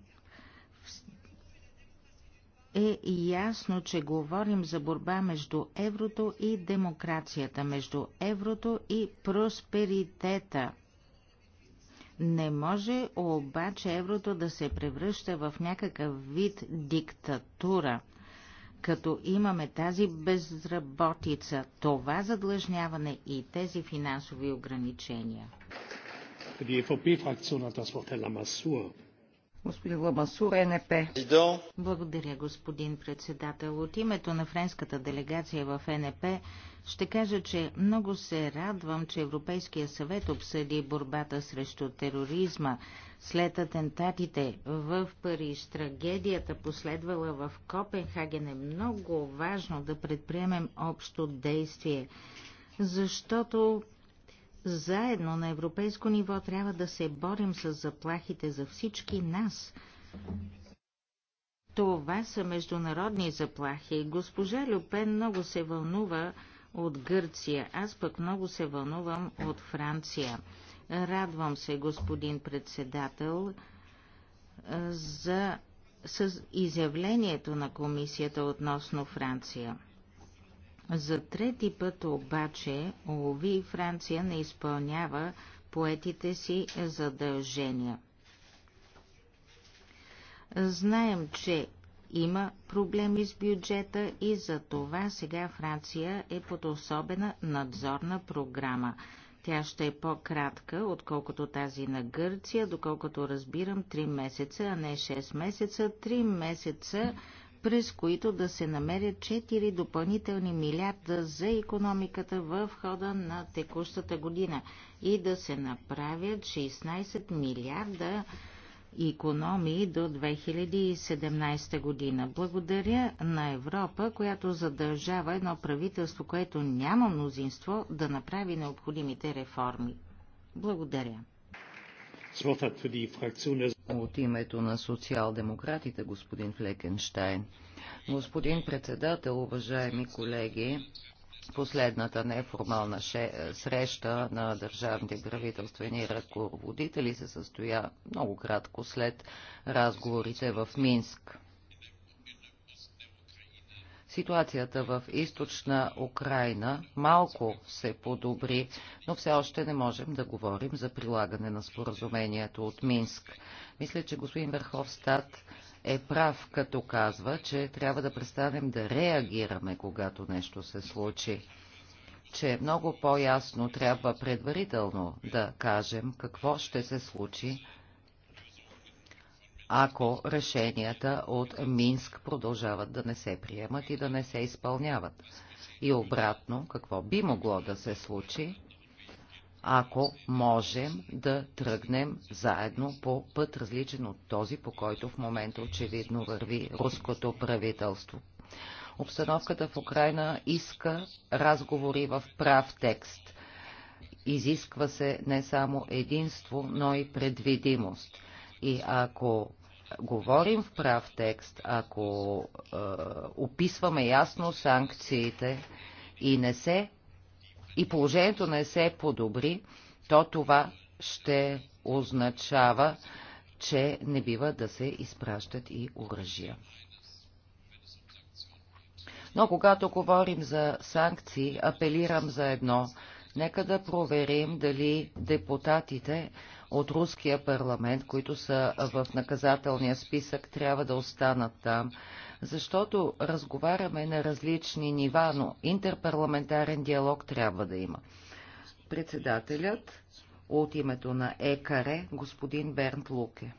е ясно, че говорим за борба между еврото и демокрацията, между еврото и просперитета. Не може обаче еврото да се превръща в някакъв вид диктатура. Като имаме тази безработица, това задлъжняване и тези финансови ограничения. Die EVP-Fraktion hat das Wort, Herr Lamassur. Господин Ламасур, НП. Благодаря, господин председател. От името на френската делегация в НП ще кажа, че много се радвам, че Европейския съвет обсъди борбата срещу тероризма след атентатите в Париж. Трагедията последвала в Копенхаген е много важно да предприемем общо действие, защото заедно на европейско ниво трябва да се борим с заплахите за всички нас. Това са международни заплахи. Госпожа Люпен много се вълнува от Гърция, аз пък много се вълнувам от Франция. Радвам се, господин председател, за с изявлението на комисията относно Франция. За трети път обаче Лови Франция не изпълнява поетите си задължения. Знаем, че има проблеми с бюджета и за това сега Франция е под особена надзорна програма. Тя ще е по-кратка, отколкото тази на Гърция, доколкото разбирам 3 месеца, а не 6 месеца. 3 месеца през които да се намерят 4 допълнителни милиарда за економиката в хода на текущата година и да се направят 16 милиарда економии до 2017 година. Благодаря на Европа, която задължава едно правителство, което няма мнозинство, да направи необходимите реформи. Благодаря. От името на социал-демократите, господин Флекенштайн. Господин председател, уважаеми колеги, последната неформална среща на държавните правителствени ръководители се състоя много кратко след разговорите в Минск. Ситуацията в източна Украина малко се подобри, но все още не можем да говорим за прилагане на споразумението от Минск. Мисля, че господин Верховстат е прав, като казва, че трябва да престанем да реагираме, когато нещо се случи че много по-ясно трябва предварително да кажем какво ще се случи ако решенията от Минск продължават да не се приемат и да не се изпълняват. И обратно, какво би могло да се случи, ако можем да тръгнем заедно по път различен от този, по който в момента очевидно върви руското правителство. Обстановката в Украина иска разговори в прав текст. Изисква се не само единство, но и предвидимост. И ако говорим в прав текст, ако е, описваме ясно санкциите и не се и положението не се подобри, то това ще означава, че не бива да се изпращат и оръжия. Но когато говорим за санкции, апелирам за едно. Нека да проверим дали депутатите от руския парламент, които са в наказателния списък, трябва да останат там, защото разговаряме на различни нива, но интерпарламентарен диалог трябва да има. Председателят от името на ЕКАРЕ, господин Бернт Луке.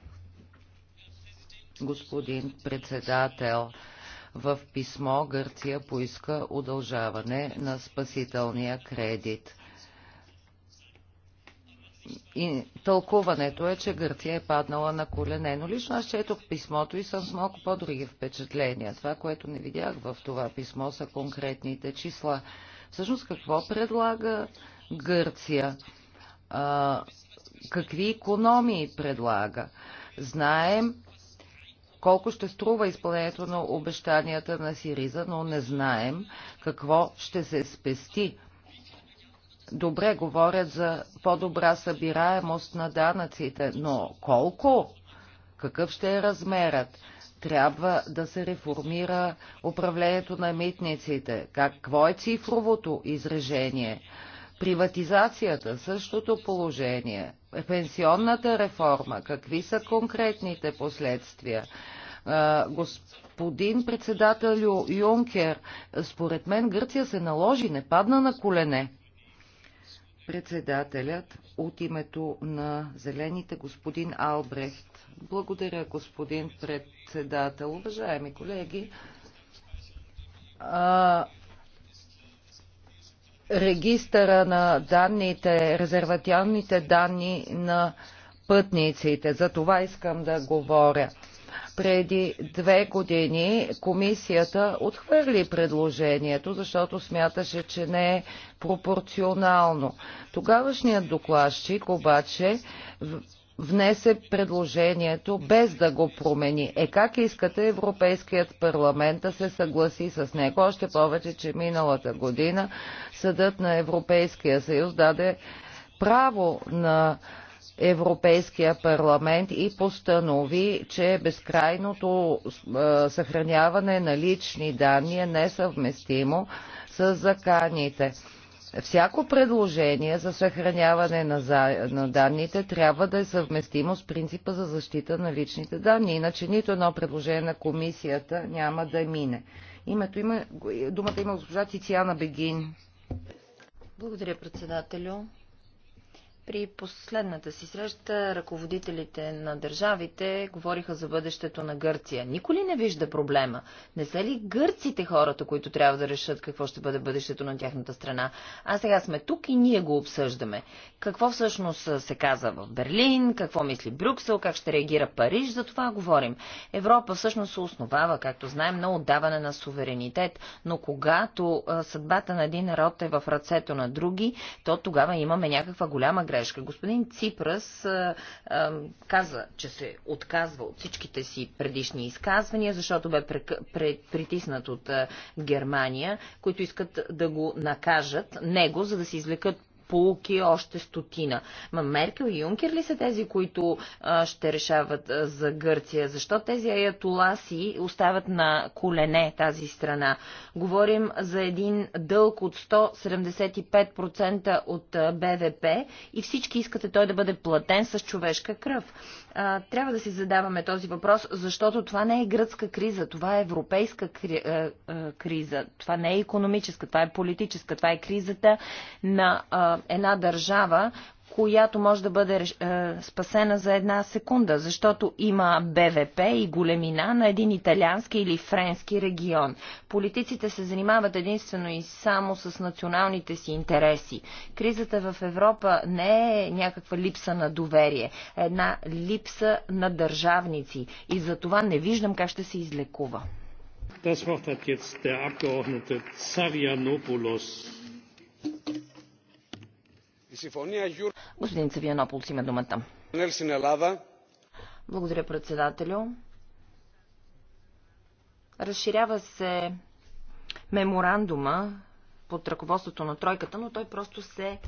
Господин председател, в писмо Гърция поиска удължаване на спасителния кредит и тълкуването е, че Гърция е паднала на колене. Но лично аз четох писмото и съм с малко по-други впечатления. Това, което не видях в това писмо, са конкретните числа. Всъщност какво предлага Гърция? А, какви економии предлага? Знаем колко ще струва изпълнението на обещанията на Сириза, но не знаем какво ще се спести добре говорят за по-добра събираемост на данъците, но колко? Какъв ще е размерът? Трябва да се реформира управлението на митниците. Какво е цифровото изражение? Приватизацията – същото положение. Пенсионната реформа – какви са конкретните последствия? Господин председател Юнкер, според мен Гърция се наложи, не падна на колене председателят от името на Зелените, господин Албрехт. Благодаря, господин председател. Уважаеми колеги, а, регистъра на данните, резервационните данни на пътниците. За това искам да говоря. Преди две години комисията отхвърли предложението, защото смяташе, че не е пропорционално. Тогавашният докладчик обаче внесе предложението без да го промени. Е как искате Европейският парламент да се съгласи с него? Още повече, че миналата година Съдът на Европейския съюз даде право на Европейския парламент и постанови, че безкрайното съхраняване на лични данни е несъвместимо с заканите. Всяко предложение за съхраняване на, за... на данните трябва да е съвместимо с принципа за защита на личните данни, иначе нито едно предложение на комисията няма да мине. Името има, думата има госпожа Тициана Бегин. Благодаря, председателю. При последната си среща ръководителите на държавите говориха за бъдещето на Гърция. Никой ли не вижда проблема? Не са ли гърците хората, които трябва да решат какво ще бъде бъдещето на тяхната страна? А сега сме тук и ние го обсъждаме. Какво всъщност се каза в Берлин, какво мисли Брюксел, как ще реагира Париж, за това говорим. Европа всъщност се основава, както знаем, на отдаване на суверенитет, но когато съдбата на един народ е в ръцето на други, то тогава имаме някаква голяма грешка. Господин Ципрас а, а, каза, че се отказва от всичките си предишни изказвания, защото бе притиснат от а, Германия, които искат да го накажат него, за да се извлекат полуки още стотина. Ма Меркел и Юнкер ли са тези, които а, ще решават а, за Гърция? Защо тези аятоласи остават на колене тази страна? Говорим за един дълг от 175% от БВП и всички искате той да бъде платен с човешка кръв а, трябва да си задаваме този въпрос, защото това не е гръцка криза, това е европейска кри, а, а, криза, това не е економическа, това е политическа, това е кризата на а, една държава, която може да бъде е, спасена за една секунда, защото има БВП и големина на един италиански или френски регион. Политиците се занимават единствено и само с националните си интереси. Кризата в Европа не е някаква липса на доверие, е една липса на държавници и за това не виждам как ще се излекува. Das Wort hat jetzt der Abgeordnete Zarianopoulos. Господин Цавианополс има думата. Благодаря, председателю. Разширява се меморандума под ръководството на тройката, но той просто се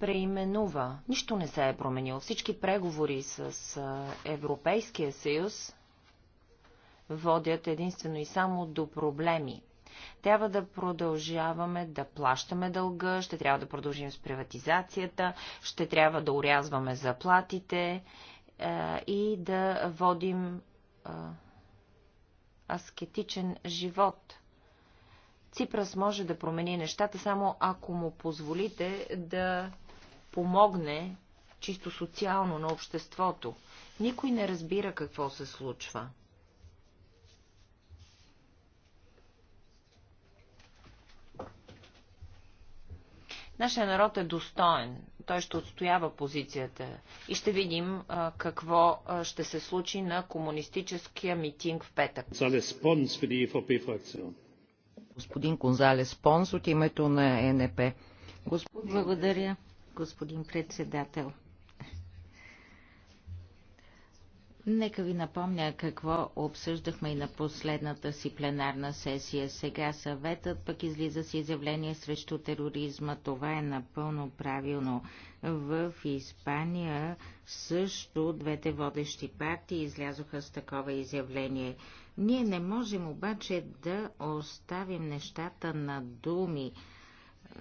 преименува. Нищо не се е променило. Всички преговори с Европейския съюз водят единствено и само до проблеми. Трябва да продължаваме да плащаме дълга, ще трябва да продължим с приватизацията, ще трябва да урязваме заплатите е, и да водим е, аскетичен живот. Ципрас може да промени нещата само ако му позволите да помогне чисто социално на обществото. Никой не разбира какво се случва. Нашия народ е достоен. Той ще отстоява позицията и ще видим а, какво а, ще се случи на комунистическия митинг в петък. E господин Конзалес Понс от името на ЕНП. Господин... Благодаря, господин председател. Нека ви напомня какво обсъждахме и на последната си пленарна сесия. Сега съветът пък излиза с изявление срещу тероризма. Това е напълно правилно. В Испания също двете водещи партии излязоха с такова изявление. Ние не можем обаче да оставим нещата на думи.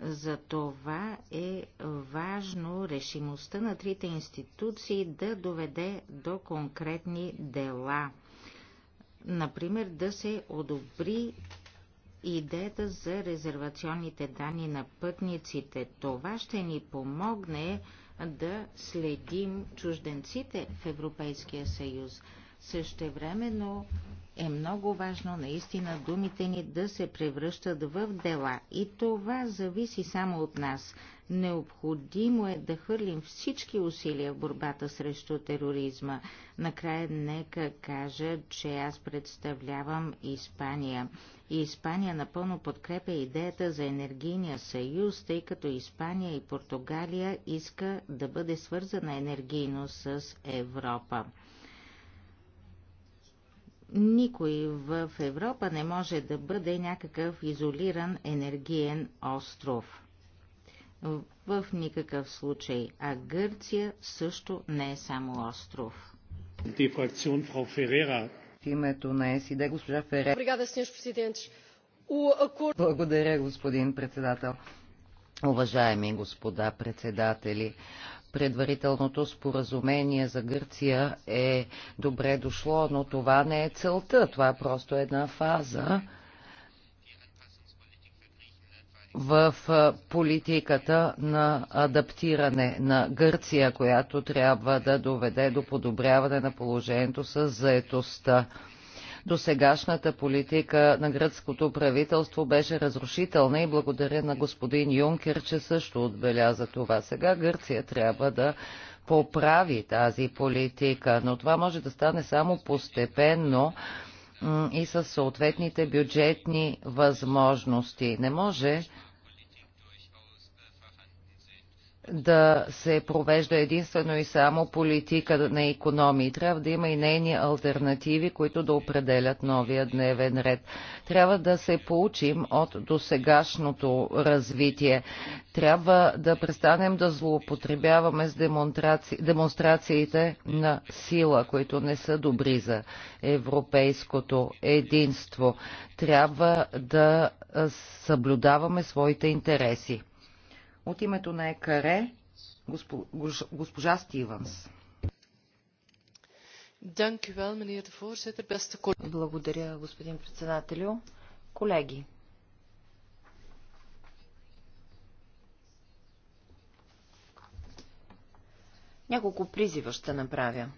За това е важно решимостта на трите институции да доведе до конкретни дела. Например, да се одобри идеята за резервационните данни на пътниците. Това ще ни помогне да следим чужденците в Европейския съюз. Същевременно е много важно наистина думите ни да се превръщат в дела. И това зависи само от нас. Необходимо е да хвърлим всички усилия в борбата срещу тероризма. Накрая нека кажа, че аз представлявам Испания. И Испания напълно подкрепя идеята за енергийния съюз, тъй като Испания и Португалия иска да бъде свързана енергийно с Европа. Никой в Европа не може да бъде някакъв изолиран енергиен остров. В никакъв случай. А Гърция също не е само остров. В името на СИД госпожа Ферера. Благодаря, господин председател. Уважаеми господа председатели, предварителното споразумение за Гърция е добре дошло, но това не е целта. Това е просто една фаза в политиката на адаптиране на Гърция, която трябва да доведе до подобряване на положението с заетостта досегашната политика на гръцкото правителство беше разрушителна и благодаря на господин Юнкер, че също отбеляза това. Сега Гърция трябва да поправи тази политика, но това може да стане само постепенно и с съответните бюджетни възможности. Не може да се провежда единствено и само политика на економии. Трябва да има и нейни альтернативи, които да определят новия дневен ред. Трябва да се получим от досегашното развитие. Трябва да престанем да злоупотребяваме с демонстраци... демонстрациите на сила, които не са добри за европейското единство. Трябва да съблюдаваме своите интереси. От името на ЕКАРЕ госпожа Стиванс. Благодаря, господин председателю. Колеги, няколко призива ще направя.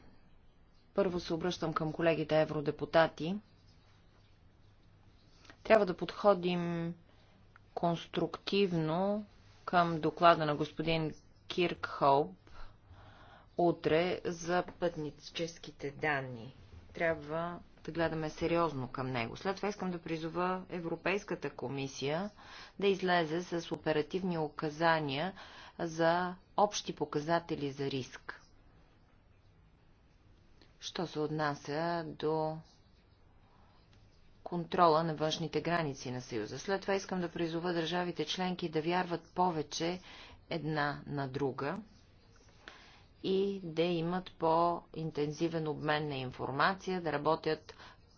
Първо се обръщам към колегите евродепутати. Трябва да подходим конструктивно към доклада на господин Кирк Хоуп утре за пътническите данни. Трябва да гледаме сериозно към него. След това искам да призова Европейската комисия да излезе с оперативни указания за общи показатели за риск. Що се отнася до контрола на външните граници на Съюза. След това искам да призова държавите членки да вярват повече една на друга и да имат по-интензивен обмен на информация, да работят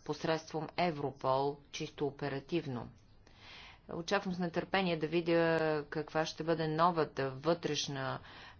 посредством Европол, чисто оперативно. Очаквам с нетърпение да видя каква ще бъде новата вътрешна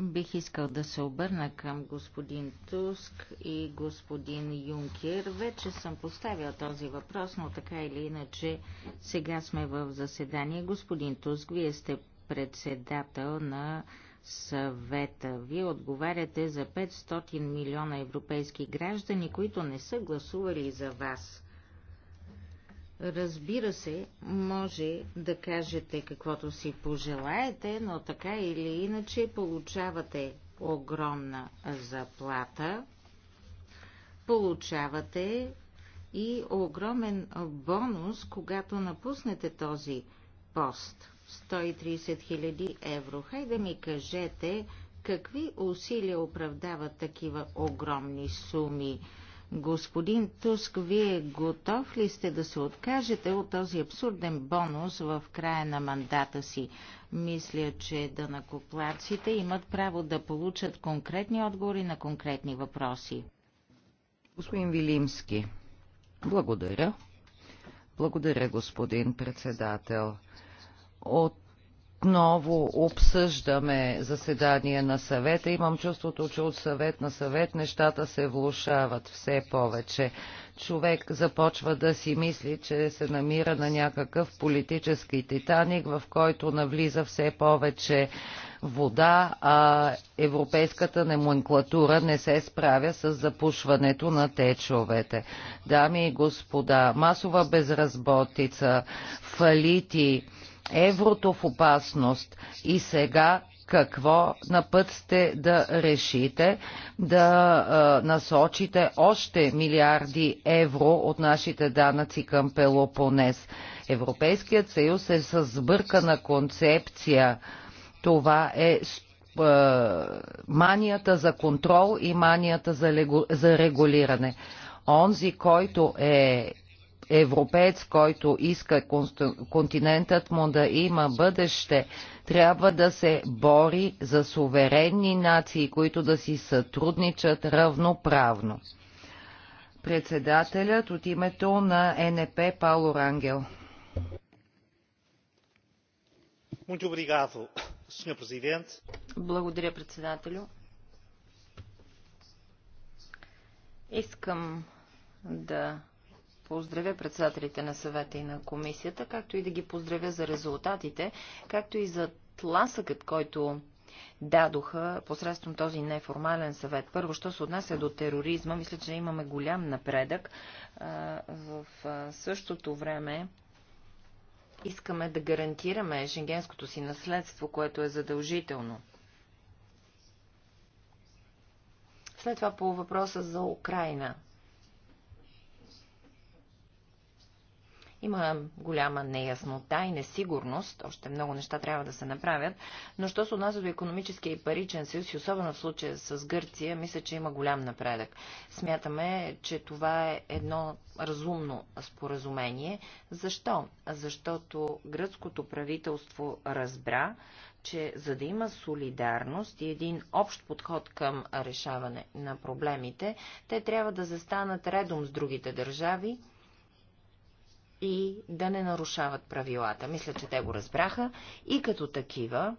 Бих искал да се обърна към господин Туск и господин Юнкер. Вече съм поставил този въпрос, но така или иначе сега сме в заседание. Господин Туск, вие сте председател на съвета. Вие отговаряте за 500 милиона европейски граждани, които не са гласували за вас. Разбира се, може да кажете каквото си пожелаете, но така или иначе получавате огромна заплата, получавате и огромен бонус, когато напуснете този пост. 130 000 евро. Хайде да ми кажете, какви усилия оправдават такива огромни суми. Господин Туск, вие готов ли сте да се откажете от този абсурден бонус в края на мандата си? Мисля, че накоплаците имат право да получат конкретни отговори на конкретни въпроси. Господин Вилимски, благодаря. Благодаря, господин председател. От отново обсъждаме заседание на съвета. Имам чувството, че от съвет на съвет нещата се влушават все повече. Човек започва да си мисли, че се намира на някакъв политически титаник, в който навлиза все повече вода, а европейската номенклатура не се справя с запушването на течовете. Дами и господа, масова безразботица, фалити, еврото в опасност и сега какво на път сте да решите да а, насочите още милиарди евро от нашите данъци към Пелопонес. Европейският съюз е с сбъркана концепция. Това е а, манията за контрол и манията за, легу... за регулиране. Онзи, който е европеец, който иска континентът му да има бъдеще, трябва да се бори за суверенни нации, които да си сътрудничат равноправно. Председателят от името на НП Пауло Рангел. Благодаря, председателю. Искам да поздравя председателите на съвета и на комисията, както и да ги поздравя за резултатите, както и за тласъкът, който дадоха посредством този неформален съвет. Първо, що се отнася до тероризма, мисля, че имаме голям напредък. В същото време искаме да гарантираме шенгенското си наследство, което е задължително. След това по въпроса за Украина. Има голяма неяснота и несигурност, още много неща трябва да се направят, но що се отнася до економическия и паричен съюз, и особено в случая с Гърция, мисля, че има голям напредък. Смятаме, че това е едно разумно споразумение. Защо? Защото гръцкото правителство разбра, че за да има солидарност и един общ подход към решаване на проблемите, те трябва да застанат редом с другите държави и да не нарушават правилата. Мисля, че те го разбраха и като такива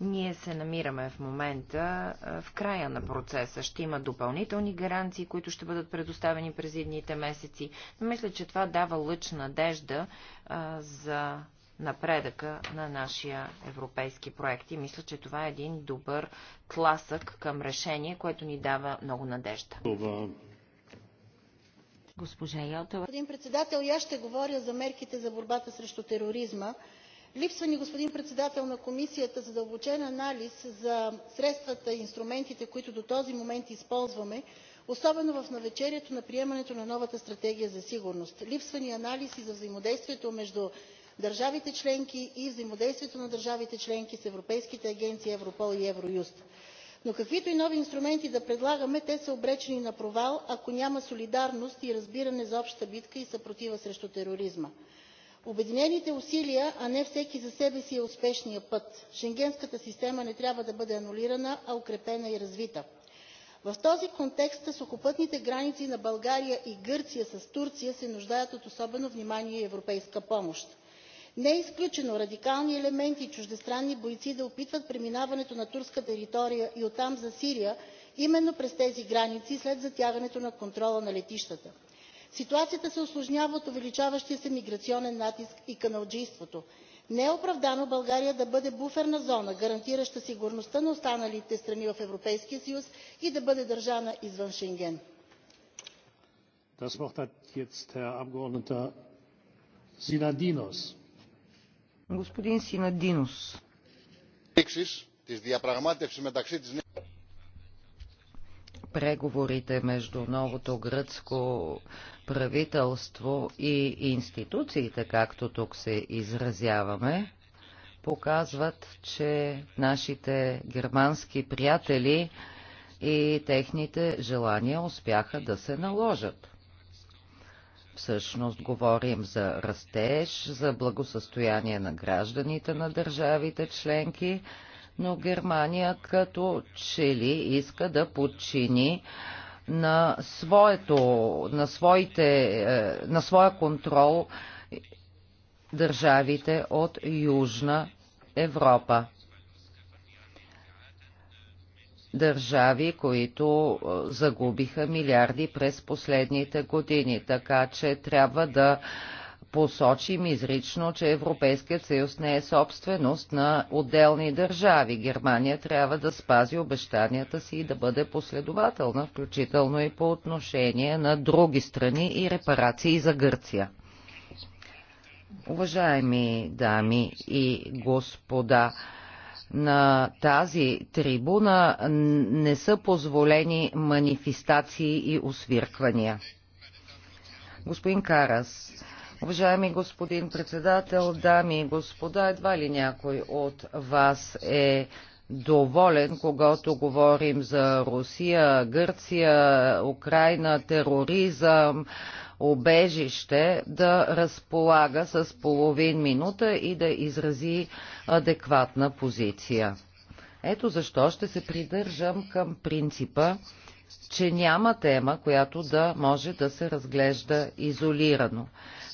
ние се намираме в момента в края на процеса. Ще има допълнителни гаранции, които ще бъдат предоставени през едните месеци. Но мисля, че това дава лъч надежда а, за напредъка на нашия европейски проект. И мисля, че това е един добър тласък към решение, което ни дава много надежда. Това Госпожа Йотова. Господин председател, я ще говоря за мерките за борбата срещу тероризма. Липсва ни, господин председател на комисията, задълбочен анализ за средствата и инструментите, които до този момент използваме, особено в навечерието на приемането на новата стратегия за сигурност. Липсва ни анализ и за взаимодействието между държавите членки и взаимодействието на държавите членки с европейските агенции Европол и Евроюст. Но каквито и нови инструменти да предлагаме, те са обречени на провал, ако няма солидарност и разбиране за общата битка и съпротива срещу тероризма. Обединените усилия, а не всеки за себе си, е успешният път. Шенгенската система не трябва да бъде анулирана, а укрепена и развита. В този контекст сухопътните граници на България и Гърция с Турция се нуждаят от особено внимание и европейска помощ. Не е изключено радикални елементи и чуждестранни бойци да опитват преминаването на турска територия и оттам за Сирия именно през тези граници след затягането на контрола на летищата. Ситуацията се усложнява от увеличаващия се миграционен натиск и каналджийството. Не е оправдано България да бъде буферна зона, гарантираща сигурността на останалите страни в Европейския съюз и да бъде държана извън Шенген. Das Wort hat jetzt Herr Abgeordneter Sinadinos. Господин Синадинос. Преговорите между новото гръцко правителство и институциите, както тук се изразяваме, показват, че нашите германски приятели и техните желания успяха да се наложат. Всъщност говорим за растеж, за благосъстояние на гражданите на държавите членки, но Германия като че ли иска да подчини на, своето, на, своите, е, на своя контрол държавите от Южна Европа държави, които загубиха милиарди през последните години. Така че трябва да посочим изрично, че Европейският съюз не е собственост на отделни държави. Германия трябва да спази обещанията си и да бъде последователна, включително и по отношение на други страни и репарации за Гърция. Уважаеми дами и господа, на тази трибуна не са позволени манифестации и освирквания. Господин Карас, уважаеми господин председател, дами и господа, едва ли някой от вас е доволен, когато говорим за Русия, Гърция, Украина, тероризъм, обежище да разполага с половин минута и да изрази адекватна позиция. Ето защо ще се придържам към принципа, че няма тема, която да може да се разглежда изолирано.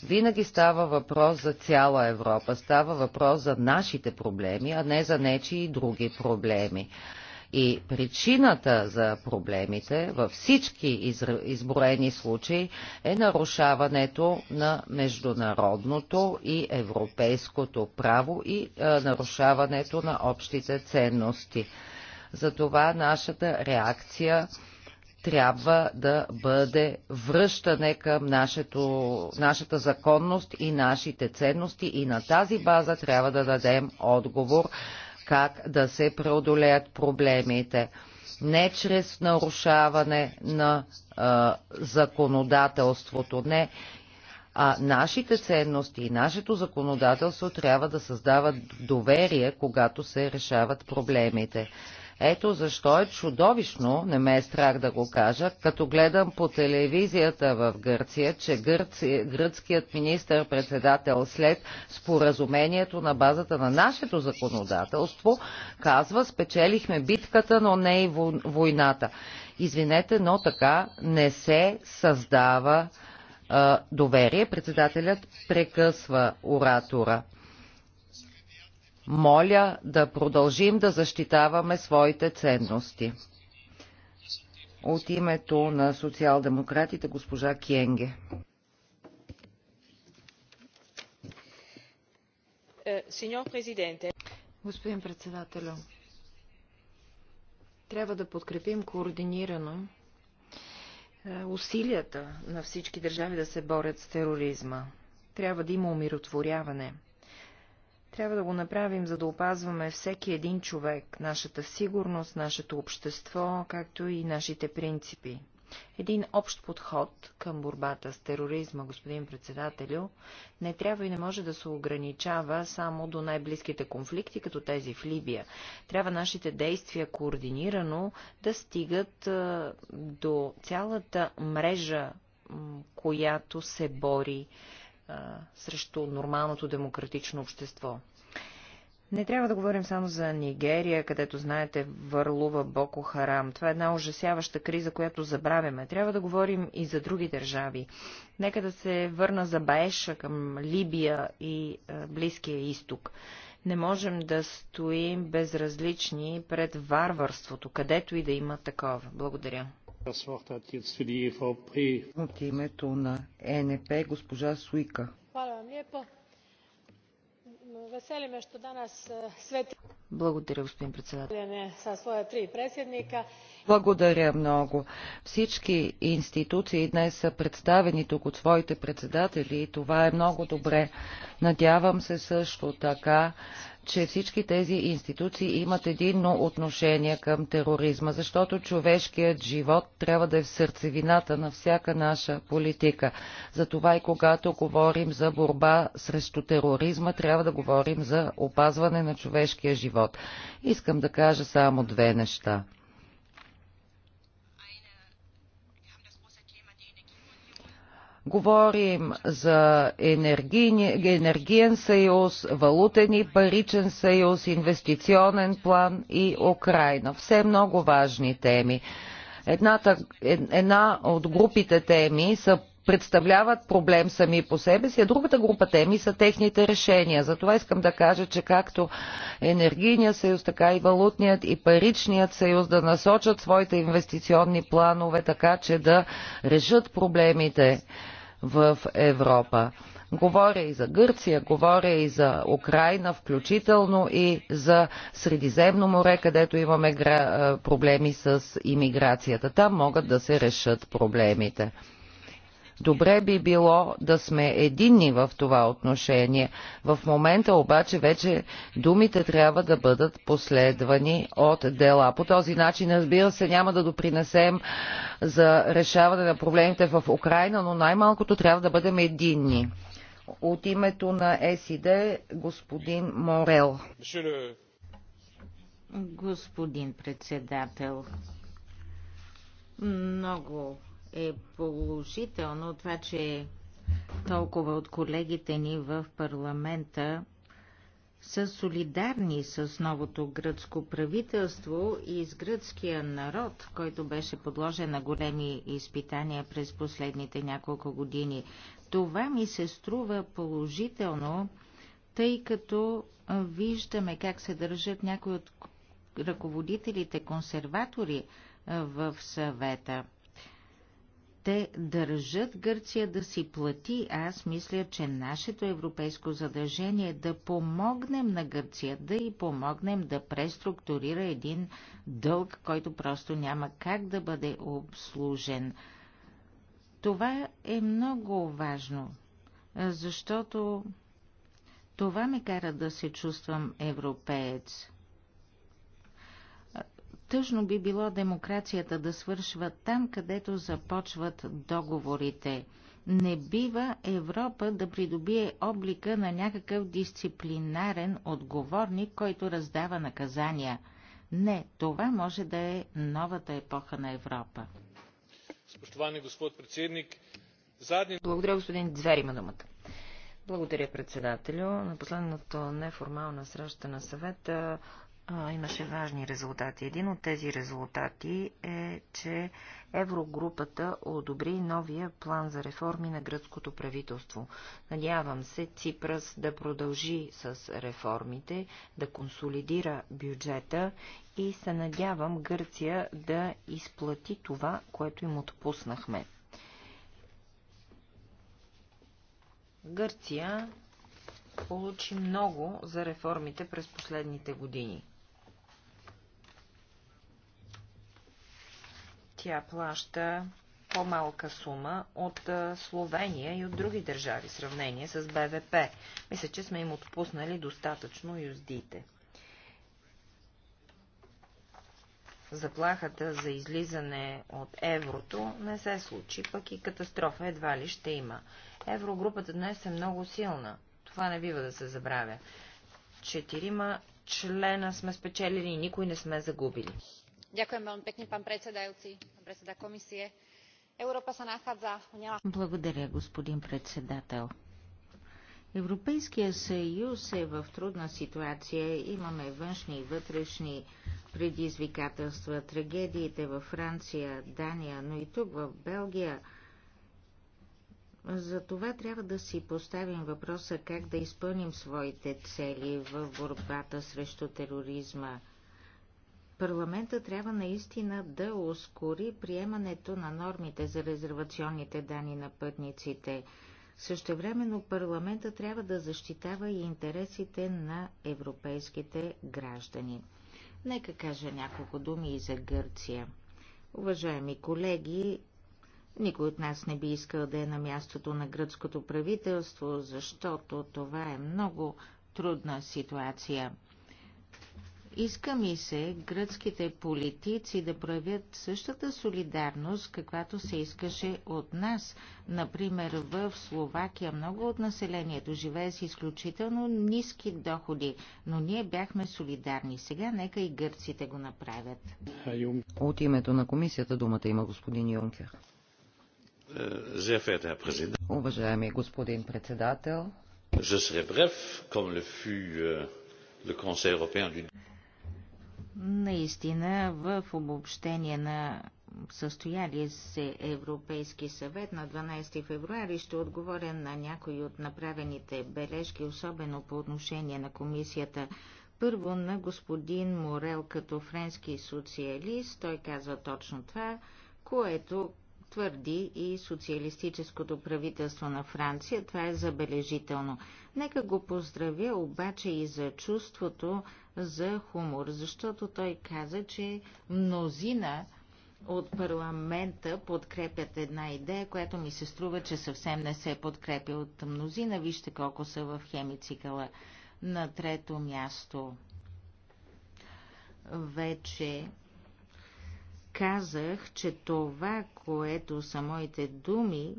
Винаги става въпрос за цяла Европа, става въпрос за нашите проблеми, а не за нечи и други проблеми. И причината за проблемите във всички изброени случаи е нарушаването на международното и европейското право и е, нарушаването на общите ценности. Затова нашата реакция трябва да бъде връщане към нашето, нашата законност и нашите ценности и на тази база трябва да дадем отговор как да се преодолеят проблемите. Не чрез нарушаване на а, законодателството, не. А нашите ценности и нашето законодателство трябва да създават доверие, когато се решават проблемите. Ето защо е чудовищно, не ме е страх да го кажа, като гледам по телевизията в Гърция, че гърци, гръцкият министр-председател след споразумението на базата на нашето законодателство казва спечелихме битката, но не и войната. Извинете, но така не се създава а, доверие. Председателят прекъсва оратора. Моля да продължим да защитаваме своите ценности. От името на социал-демократите госпожа Кенге. Е, Господин председателю, трябва да подкрепим координирано е, усилията на всички държави да се борят с тероризма. Трябва да има умиротворяване – трябва да го направим, за да опазваме всеки един човек, нашата сигурност, нашето общество, както и нашите принципи. Един общ подход към борбата с тероризма, господин председателю, не трябва и не може да се ограничава само до най-близките конфликти, като тези в Либия. Трябва нашите действия координирано да стигат до цялата мрежа, която се бори срещу нормалното демократично общество. Не трябва да говорим само за Нигерия, където, знаете, върлува Боко Харам. Това е една ужасяваща криза, която забравяме. Трябва да говорим и за други държави. Нека да се върна за Баеша към Либия и а, Близкия изток. Не можем да стоим безразлични пред варварството, където и да има такова. Благодаря. E от името на ЕНП госпожа Суика. Е, Благодаря, господин председател. Благодаря много. Всички институции днес са представени тук от своите председатели и това е много добре. Надявам се също така, че всички тези институции имат единно отношение към тероризма, защото човешкият живот трябва да е в сърцевината на всяка наша политика. Затова и когато говорим за борба срещу тероризма, трябва да говорим за опазване на човешкия живот. Искам да кажа само две неща. Говорим за енергиен съюз, валутен и паричен съюз, инвестиционен план и Украина. Все много важни теми. Едната, една от групите теми са представляват проблем сами по себе си, а другата група теми са техните решения. Затова искам да кажа, че както енергийният съюз, така и валутният и паричният съюз да насочат своите инвестиционни планове, така че да решат проблемите в Европа. Говоря и за Гърция, говоря и за Украина, включително и за Средиземно море, където имаме проблеми с имиграцията. Там могат да се решат проблемите. Добре би било да сме единни в това отношение. В момента обаче вече думите трябва да бъдат последвани от дела. По този начин, разбира се, няма да допринесем за решаване на проблемите в Украина, но най-малкото трябва да бъдем единни. От името на СИД господин Морел. Господин председател, много е положително това, че толкова от колегите ни в парламента са солидарни с новото гръцко правителство и с гръцкия народ, който беше подложен на големи изпитания през последните няколко години. Това ми се струва положително, тъй като виждаме как се държат някои от ръководителите консерватори в съвета – те държат Гърция да си плати. Аз мисля, че нашето европейско задължение е да помогнем на Гърция, да й помогнем да преструктурира един дълг, който просто няма как да бъде обслужен. Това е много важно, защото това ме кара да се чувствам европеец. Тъжно би било демокрацията да свършва там, където започват договорите. Не бива Европа да придобие облика на някакъв дисциплинарен отговорник, който раздава наказания. Не, това може да е новата епоха на Европа. Спощуване господ председник, задни... Благодаря, господин Дзвер, има думата. Благодаря, председателю. На последната неформална среща на съвета а, имаше важни резултати. Един от тези резултати е, че Еврогрупата одобри новия план за реформи на гръцкото правителство. Надявам се Ципрас да продължи с реформите, да консолидира бюджета и се надявам Гърция да изплати това, което им отпуснахме. Гърция получи много за реформите през последните години. Тя плаща по-малка сума от Словения и от други държави в сравнение с БВП. Мисля, че сме им отпуснали достатъчно юздите. Заплахата за излизане от еврото не се случи, пък и катастрофа едва ли ще има. Еврогрупата днес е много силна. Това не бива да се забравя. Четирима члена сме спечелили и никой не сме загубили. Благодаря, господин председател. Европейския съюз е в трудна ситуация. Имаме външни и вътрешни предизвикателства, трагедиите във Франция, Дания, но и тук в Белгия. За това трябва да си поставим въпроса как да изпълним своите цели в борбата срещу тероризма – Парламента трябва наистина да ускори приемането на нормите за резервационните данни на пътниците. Същевременно парламента трябва да защитава и интересите на европейските граждани. Нека кажа няколко думи и за Гърция. Уважаеми колеги, никой от нас не би искал да е на мястото на гръцкото правителство, защото това е много трудна ситуация – иска ми се гръцките политици да проявят същата солидарност, каквато се искаше от нас. Например, в Словакия много от населението живее с изключително ниски доходи, но ние бяхме солидарни. Сега нека и гърците го направят. От името на комисията думата има господин Юнкер. Уважаеми господин председател, Je serai bref, comme le fut euh, le Conseil européen du Наистина, в обобщение на състоялия се Европейски съвет на 12 февруари ще отговоря на някои от направените бележки, особено по отношение на комисията. Първо на господин Морел като френски социалист, той казва точно това, което твърди и социалистическото правителство на Франция. Това е забележително. Нека го поздравя обаче и за чувството за хумор, защото той каза, че мнозина от парламента подкрепят една идея, която ми се струва, че съвсем не се подкрепя от мнозина. Вижте колко са в хемицикъла. На трето място вече казах, че това, което са моите думи,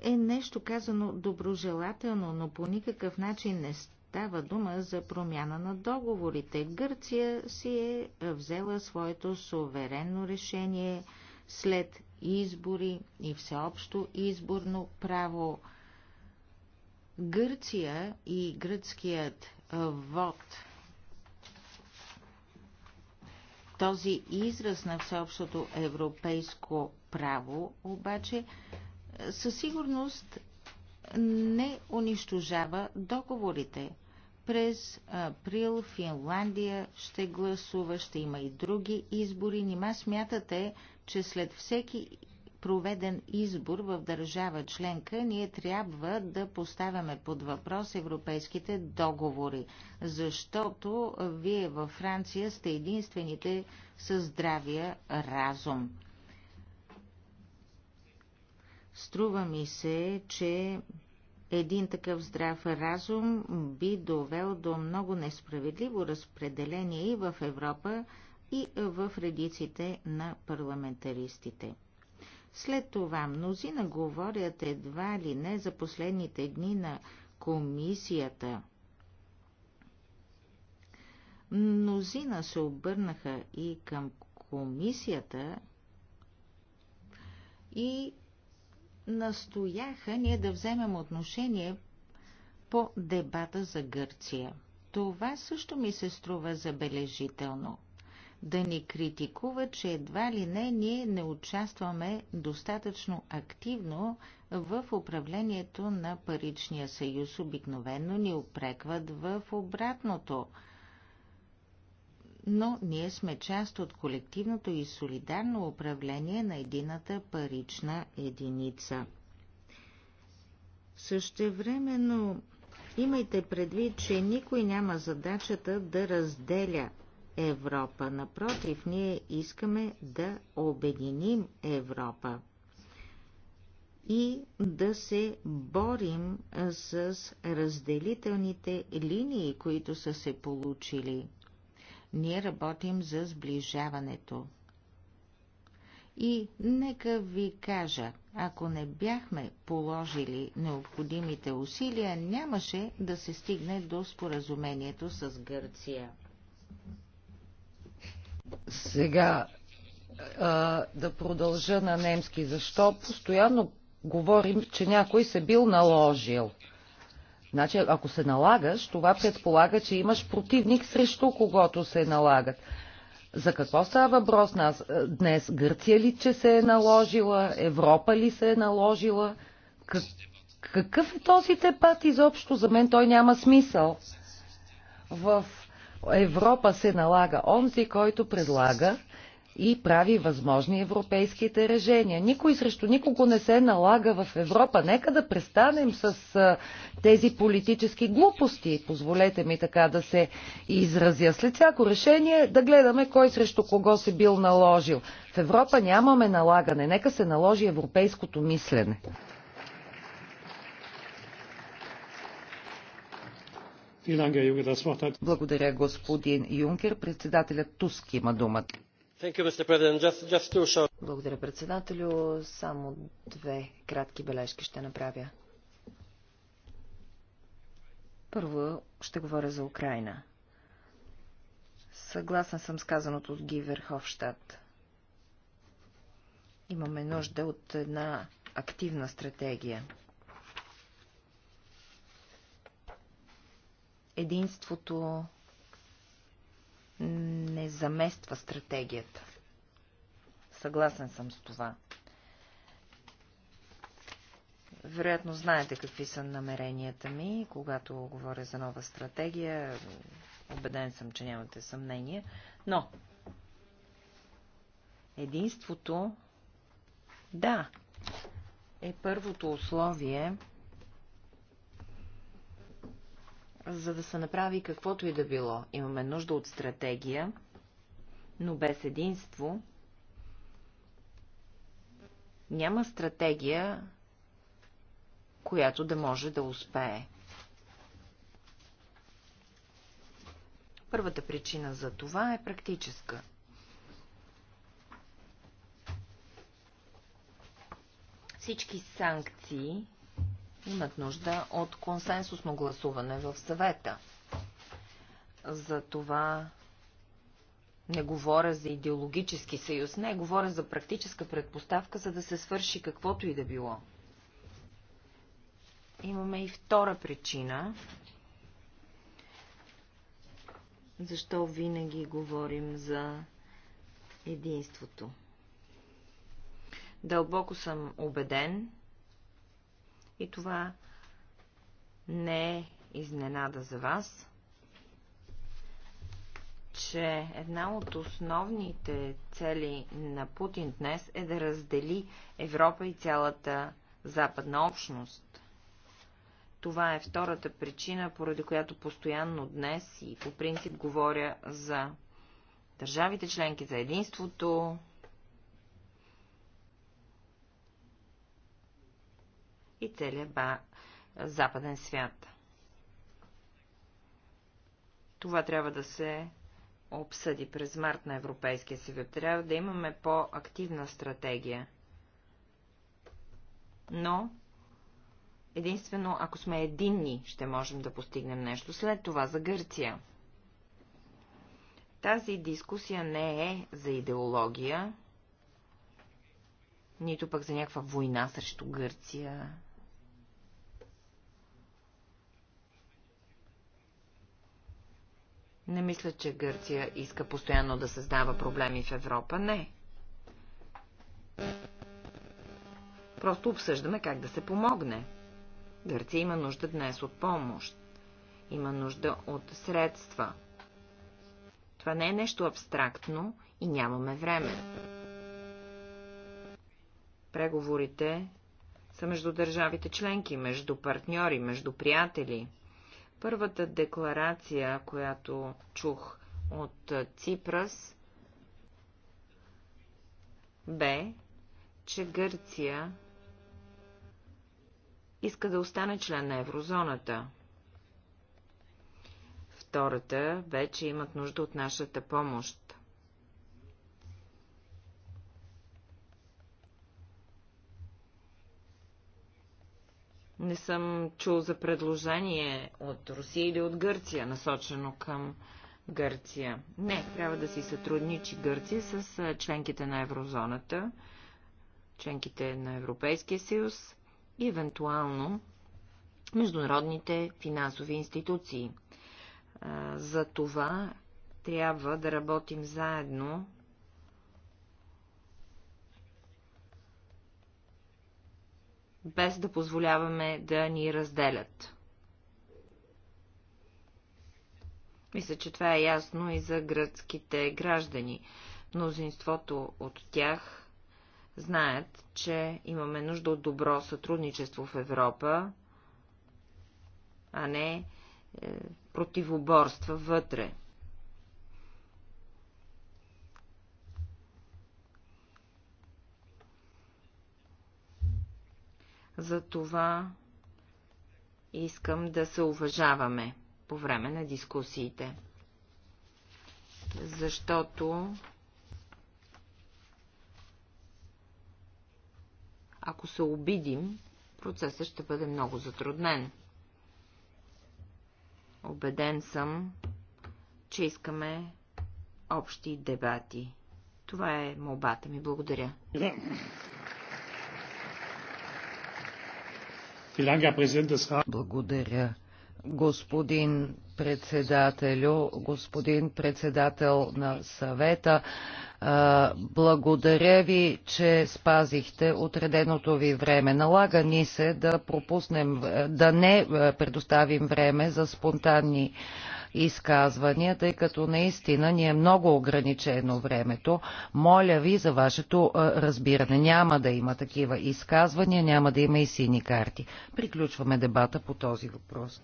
е нещо казано доброжелателно, но по никакъв начин не става дума за промяна на договорите. Гърция си е взела своето суверенно решение след избори и всеобщо изборно право. Гърция и гръцкият вод Този израз на всеобщото европейско право обаче е, със сигурност не унищожава договорите. През април Финландия ще гласува, ще има и други избори. Нима смятате, че след всеки проведен избор в държава членка, ние трябва да поставяме под въпрос европейските договори, защото вие във Франция сте единствените със здравия разум. Струва ми се, че един такъв здрав разум би довел до много несправедливо разпределение и в Европа, и в редиците на парламентаристите. След това мнозина говорят едва ли не за последните дни на комисията. Мнозина се обърнаха и към комисията и настояха ние да вземем отношение по дебата за Гърция. Това също ми се струва забележително да ни критикува, че едва ли не ние не участваме достатъчно активно в управлението на паричния съюз. Обикновено ни опрекват в обратното. Но ние сме част от колективното и солидарно управление на едината парична единица. Същевременно имайте предвид, че никой няма задачата да разделя Европа. Напротив, ние искаме да обединим Европа и да се борим с разделителните линии, които са се получили. Ние работим за сближаването. И нека ви кажа, ако не бяхме положили необходимите усилия, нямаше да се стигне до споразумението с Гърция. Сега а, да продължа на немски. Защо постоянно говорим, че някой се бил наложил? Значи, ако се налагаш, това предполага, че имаш противник срещу когото се налагат. За какво става въпрос нас днес? Гърция ли, че се е наложила? Европа ли се е наложила? какъв е този тепат изобщо? За мен той няма смисъл. В Европа се налага онзи, който предлага и прави възможни европейските решения. Никой срещу никого не се налага в Европа. Нека да престанем с тези политически глупости, позволете ми така да се изразя. След всяко решение да гледаме кой срещу кого се бил наложил. В Европа нямаме налагане. Нека се наложи европейското мислене. Благодаря, господин Юнкер. Председателят Туск има думата. Благодаря, председателю. Само две кратки бележки ще направя. Първо ще говоря за Украина. Съгласен съм с казаното от Гиверховщад. Имаме нужда от една активна стратегия. единството не замества стратегията. Съгласен съм с това. Вероятно знаете какви са намеренията ми, когато говоря за нова стратегия. Обеден съм, че нямате съмнение. Но единството, да, е първото условие за да се направи каквото и да било. Имаме нужда от стратегия, но без единство няма стратегия, която да може да успее. Първата причина за това е практическа. Всички санкции, имат нужда от консенсусно гласуване в съвета. За това не говоря за идеологически съюз, не говоря за практическа предпоставка, за да се свърши каквото и да било. Имаме и втора причина, защо винаги говорим за единството. Дълбоко съм убеден, и това не е изненада за вас, че една от основните цели на Путин днес е да раздели Европа и цялата западна общност. Това е втората причина, поради която постоянно днес и по принцип говоря за държавите членки, за единството, и целия ба... западен свят. Това трябва да се обсъди през март на Европейския съюз. Трябва да имаме по-активна стратегия. Но единствено, ако сме единни, ще можем да постигнем нещо. След това за Гърция. Тази дискусия не е за идеология, нито пък за някаква война срещу Гърция Не мисля, че Гърция иска постоянно да създава проблеми в Европа. Не. Просто обсъждаме как да се помогне. Гърция има нужда днес от помощ. Има нужда от средства. Това не е нещо абстрактно и нямаме време. Преговорите са между държавите членки, между партньори, между приятели – Първата декларация, която чух от Ципрас, бе, че Гърция иска да остане член на еврозоната. Втората вече имат нужда от нашата помощ. Не съм чул за предложение от Русия или от Гърция, насочено към Гърция. Не, трябва да си сътрудничи Гърция с членките на еврозоната, членките на Европейския съюз и евентуално международните финансови институции. За това трябва да работим заедно без да позволяваме да ни разделят. Мисля, че това е ясно и за гръцките граждани. Мнозинството от тях знаят, че имаме нужда от добро сътрудничество в Европа, а не е, противоборства вътре. За това искам да се уважаваме по време на дискусиите. Защото ако се обидим, процесът ще бъде много затруднен. Обеден съм, че искаме общи дебати. Това е молбата ми. Благодаря. Благодаря, господин председателю, господин председател на съвета. Благодаря ви, че спазихте отреденото ви време. Налага ни се да пропуснем, да не предоставим време за спонтанни изказвания, тъй като наистина ни е много ограничено времето. Моля ви за вашето е, разбиране. Няма да има такива изказвания, няма да има и сини карти. Приключваме дебата по този въпрос.